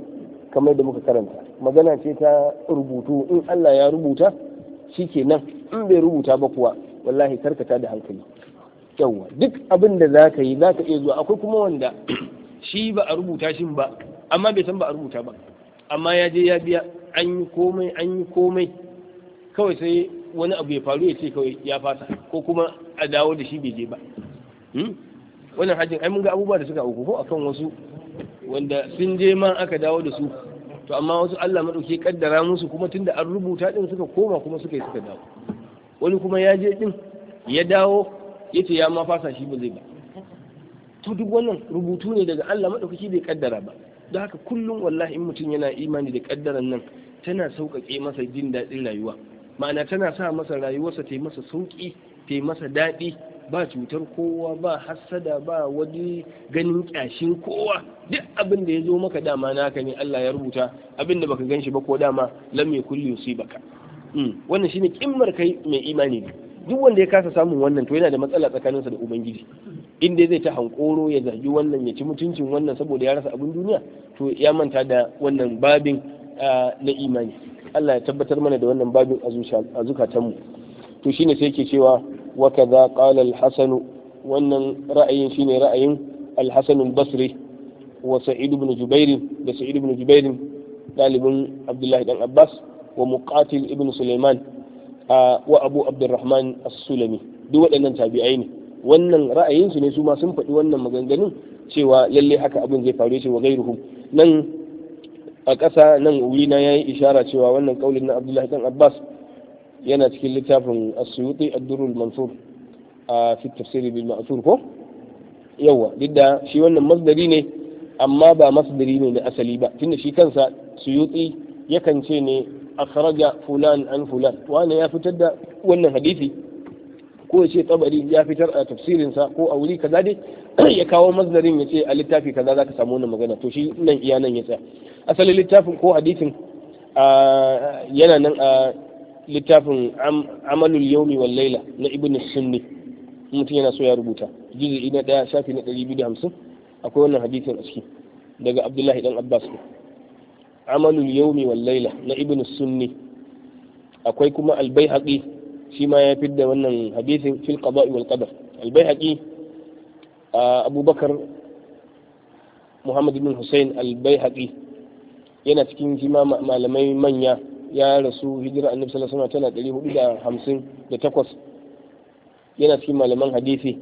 kamar da muka karanta magana ce ta rubutu in Allah ya rubuta shi ke nan in bai rubuta ba kuwa wallahi karkata da hankali yawwa duk abin da za ka yi za ka iya zuwa akwai kuma wanda shi ba a rubuta shi ba amma bai san ba a rubuta ba amma ya je ya biya an yi komai an yi komai kawai sai wani abu ya faru ya ce kawai ya fasa ko kuma a dawo da shi bai je ba hmm? wannan hajjin ai mun ga abubuwa da suka uku ko akan wasu wanda sun je ma aka dawo da su to amma wasu Allah madauke kaddara musu kuma tunda an rubuta din suka koma kuma suka yi suka dawo wani kuma ya je din ya dawo yace ya ma fasa shi ba zai ba to duk wannan rubutu ne daga Allah madaukaki bai kaddara ba don haka kullum wallahi in mutum yana imani da kaddaran nan tana sauƙaƙe masa jin daɗin rayuwa ma'ana tana sa masa rayuwarsa ta yi masa sauƙi fi masa daɗi ba cutar kowa ba hassada ba wani ganin ƙyashin kowa duk abin da ya zo maka dama naka ne Allah ya rubuta abin da baka ganshi ba ko dama lam yakul yusibaka hmm, wannan shine kimmar kai mai imani duk wanda ya kasa samun wannan to yana da matsala tsakaninsa da ubangiji in dai zai ta hankoro ya zargi wannan ya ci mutuncin wannan saboda ya rasa abin duniya to ya manta da wannan babin ah, na imani Allah ya tabbatar mana da wannan babin a zukatanmu to shine sai yake cewa wa kaza qala wannan ra'ayin shine ra'ayin al basri wa sa'id ibn jubair da sa'id ibn jubair dalibin abdullahi dan abbas wa muqatil ibn sulaiman wa abu abdurrahman as-sulami duk waɗannan tabi'ai ne wannan ra'ayinsu ne su ma sun faɗi wannan maganganun cewa lallai haka abin zai faru ce wa gairuhum nan a ƙasa nan wuri ya yi ishara cewa wannan kaulin na Abdullahi dan Abbas yana cikin littafin asuyuti addurul mansur a fi tafsiri bil ma'thur ko yawa duk shi wannan masdari ne amma ba masdari ne da asali ba tunda shi kansa suyuti yakan ce ne akhraja fulan an fulan wani ya fitar da wannan hadisi ko ya ce tabari ya fitar a tafsirinsa ko a wuri kaza dai ya kawo masdarin ya ce a littafi kaza zaka samu wannan magana to shi nan iya nan ya tsaya asalin littafin ko hadisin yana nan a littafin amalul yaumi wal laila na ibn sunni mutum yana so ya rubuta juz'i na daya shafi na 250 akwai wannan hadisin a ciki daga abdullahi dan abbas amalul yaumi wal laila na ibn sunni akwai kuma albayhaqi shi ma ya fidda wannan hadisin fil qada'i wal qadar albayhaqi abubakar muhammad ibn husain albayhaqi yana cikin jima malamai manya ya rasu hijira annabi sallallahu alaihi wasallam tana ɗari hudu da hamsin da takwas yana cikin malaman hadisi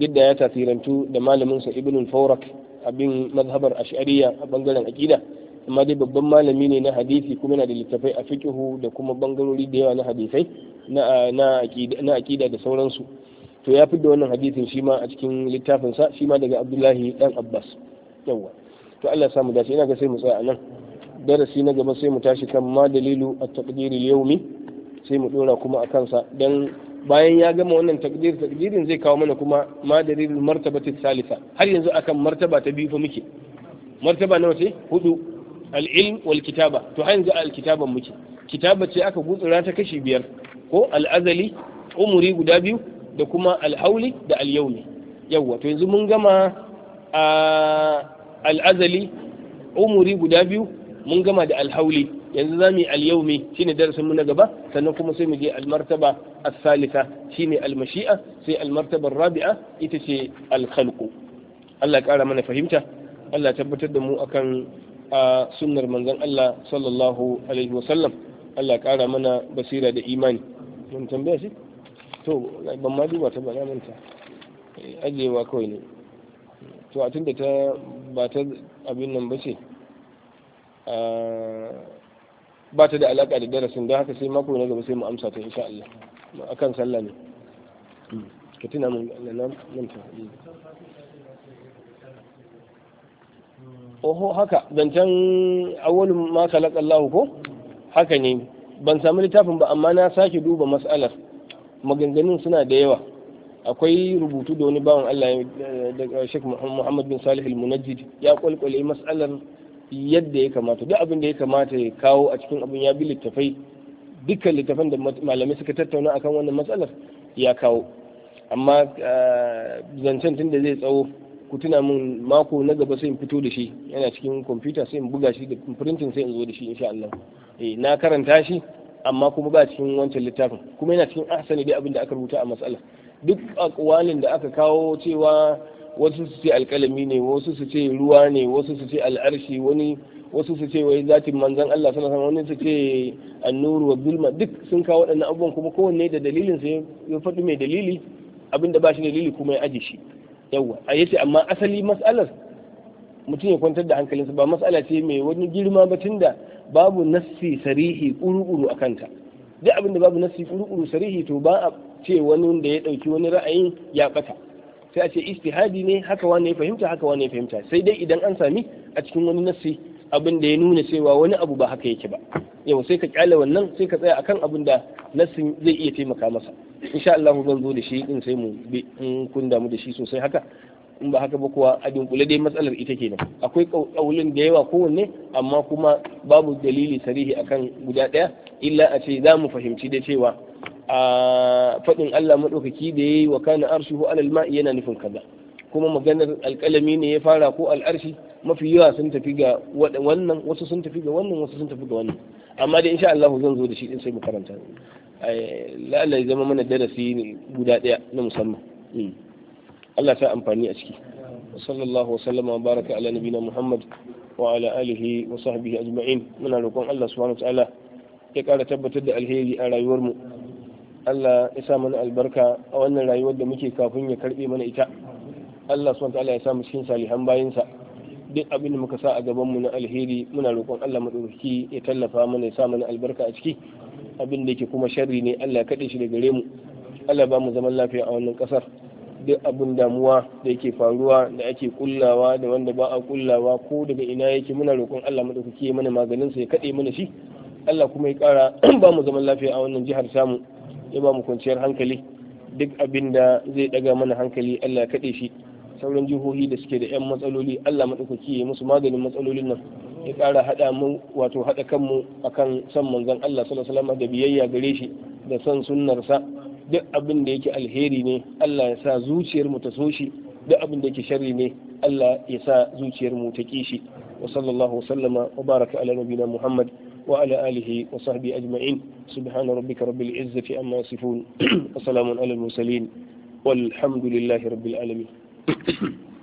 duk ya tasirantu da sa ibn faurak abin mazhabar ash'ariya a bangaren akida amma dai babban malami ne na hadisi kuma yana da littafai a fiqhu da kuma bangarori da yawa na hadisai na na akida da sauransu to ya fi da wannan hadisin shi ma a cikin littafinsa shi ma daga abdullahi dan abbas yawwa to Allah samu dace ina ga sai mu tsaya a nan darasi na gaba sai mu tashi kan ma dalilu a takdiri yaumi sai mu dora kuma a kansa don bayan ya gama wannan takdir takdirin zai kawo mana kuma ma martaba ta salisa har yanzu akan martaba ta biyu fa muke martaba nawa ce hudu al-ilm wal kitaba to har yanzu al-kitaban muke kitaba ce aka gutsura ta kashi biyar ko al-azali umuri guda biyu da kuma al-hauli da al-yawmi yawwa to yanzu mun gama ah, al-azali umuri guda biyu mun gama da alhauli yanzu za mu yi alyaumi shi darasin mu na gaba sannan kuma sai mu je almartaba asalisa salisa ne almashi'a sai almartaba rabi'a ita ce alkhalqu Allah ya kara mana fahimta Allah ya tabbatar da mu akan sunnar manzon Allah sallallahu alaihi wasallam Allah ya kara mana basira da imani mun tambaya shi to ban ma duba ta ba na manta eh, ajewa kawai ne to a tunda ta ba ta abin nan ba ce Eh, ba ta da alaka da darasin don haka sai mako na gaba sai mu amsa ta insha Allah akan sallah ne ka tuna mun nan nan ta oho haka zancen awwalin ma khalaqa ko haka ne ban samu littafin ba amma na sake duba mas'alar maganganun suna da yawa akwai rubutu da wani bawan Allah eh, daga Sheikh Muhammad bin Salih al-Munajjid ya kwalkwale mas'alar yadda ya kamata duk abin da ya kamata ya kawo a cikin abin ya bi littafai dukkan littafan da malamai suka tattauna akan wannan matsalar ya kawo amma ah, zancen tun da zai tsawo ku tuna min mako na gaba sai in fito da shi yana cikin kwamfuta sai in buga shi da printing sai in zo da shi insha Allah eh na karanta shi amma kuma ba cikin wancan littafin kuma yana cikin ahsani dai abin da aka rubuta a matsalar duk akwalin da aka kawo cewa wasu su ce alƙalami ne wasu su ce ruwa ne wasu su ce al'arshi wani wasu su ce wai zatin manzan Allah suna sama wani su ce annuru wa bilma duk sun kawo waɗannan abubuwan kuma kowanne da dalilin sa ya faɗi mai dalili abinda ba shi dalili kuma ya aje shi yawa a yace amma asali mas'alar mutum ya kwantar da hankalinsa ba mas'ala ce mai wani girma ba tunda babu nassi sarihi kuru-kuru a kanta duk abinda babu nassi kuru sarihi to ba a ce wani da ya ɗauki wani ra'ayin ya ɓata sai a ce istihadi ne haka wani ya fahimta haka wani ya fahimta sai dai idan an sami a cikin wani nassi abin da ya nuna cewa wani abu ba haka yake ba yau sai ka kyale wannan sai ka tsaya akan abin da nassin zai iya taimaka masa insha Allah zan zo da shi in sai mu bi in kun damu da shi sosai haka in ba haka ba kuwa a dunkule dai matsalar ita kenan akwai kaulin da yawa kowanne amma kuma babu dalili sarihi akan guda daya illa a ce za mu fahimci da cewa a faɗin Allah maɗaukaki da ya yi wa kana arshihu alal ma'i yana nufin kaza kuma maganar alƙalami ne ya fara ko al'arshi mafi yawa sun tafi ga wannan wasu sun tafi ga wannan wasu sun tafi ga wannan amma dai insha Allah zan zo da shi din sai mu karanta la'alla ya zama mana darasi ne guda ɗaya na musamman hmm. Allah ta amfani a ciki sallallahu wa sallama wa baraka ala nabina Muhammad wa ala alihi wa sahbihi ajma'in muna roƙon Allah subhanahu wa ta'ala ya ƙara tabbatar da alheri a rayuwarmu Allah ya sa mana albarka a wannan rayuwar da muke kafin ya karbe mana ita Allah subhanahu ta'ala ya sa mu cikin salihan bayinsa duk abin da muka sa a gaban mu na alheri muna roƙon Allah madaukaki ya tallafa mana ya sa mana albarka a ciki abin da yake kuma sharri ne Allah ya kade shi daga gare mu Allah ba mu zaman lafiya a wannan kasar duk abin damuwa da yake faruwa da ake kullawa da wanda ba a kullawa ko daga ina yake muna roƙon Allah madaukaki ya mana maganin sa ya kade mana shi Allah kuma ya kara ba mu zaman lafiya a wannan jihar samu ya ba mu kwanciyar hankali duk abin da zai daga mana hankali Allah ya kaɗe shi sauran jihohi da suke da 'yan matsaloli Allah maɗaukaki ya musu maganin matsalolin nan ya ƙara haɗa mu wato haɗa kanmu akan san manzon Allah sallallahu alaihi da biyayya gare shi da san sunnarsa duk abin yake alheri ne Allah ya sa zuciyar mu ta so shi duk abin yake sharri ne Allah ya sa zuciyar mu ta ƙi shi wa sallallahu sallama wa baraka ala nabiyina Muhammad وعلى آله وصحبه أجمعين سبحان ربك رب العزة عما يصفون وسلام على المرسلين والحمد لله رب العالمين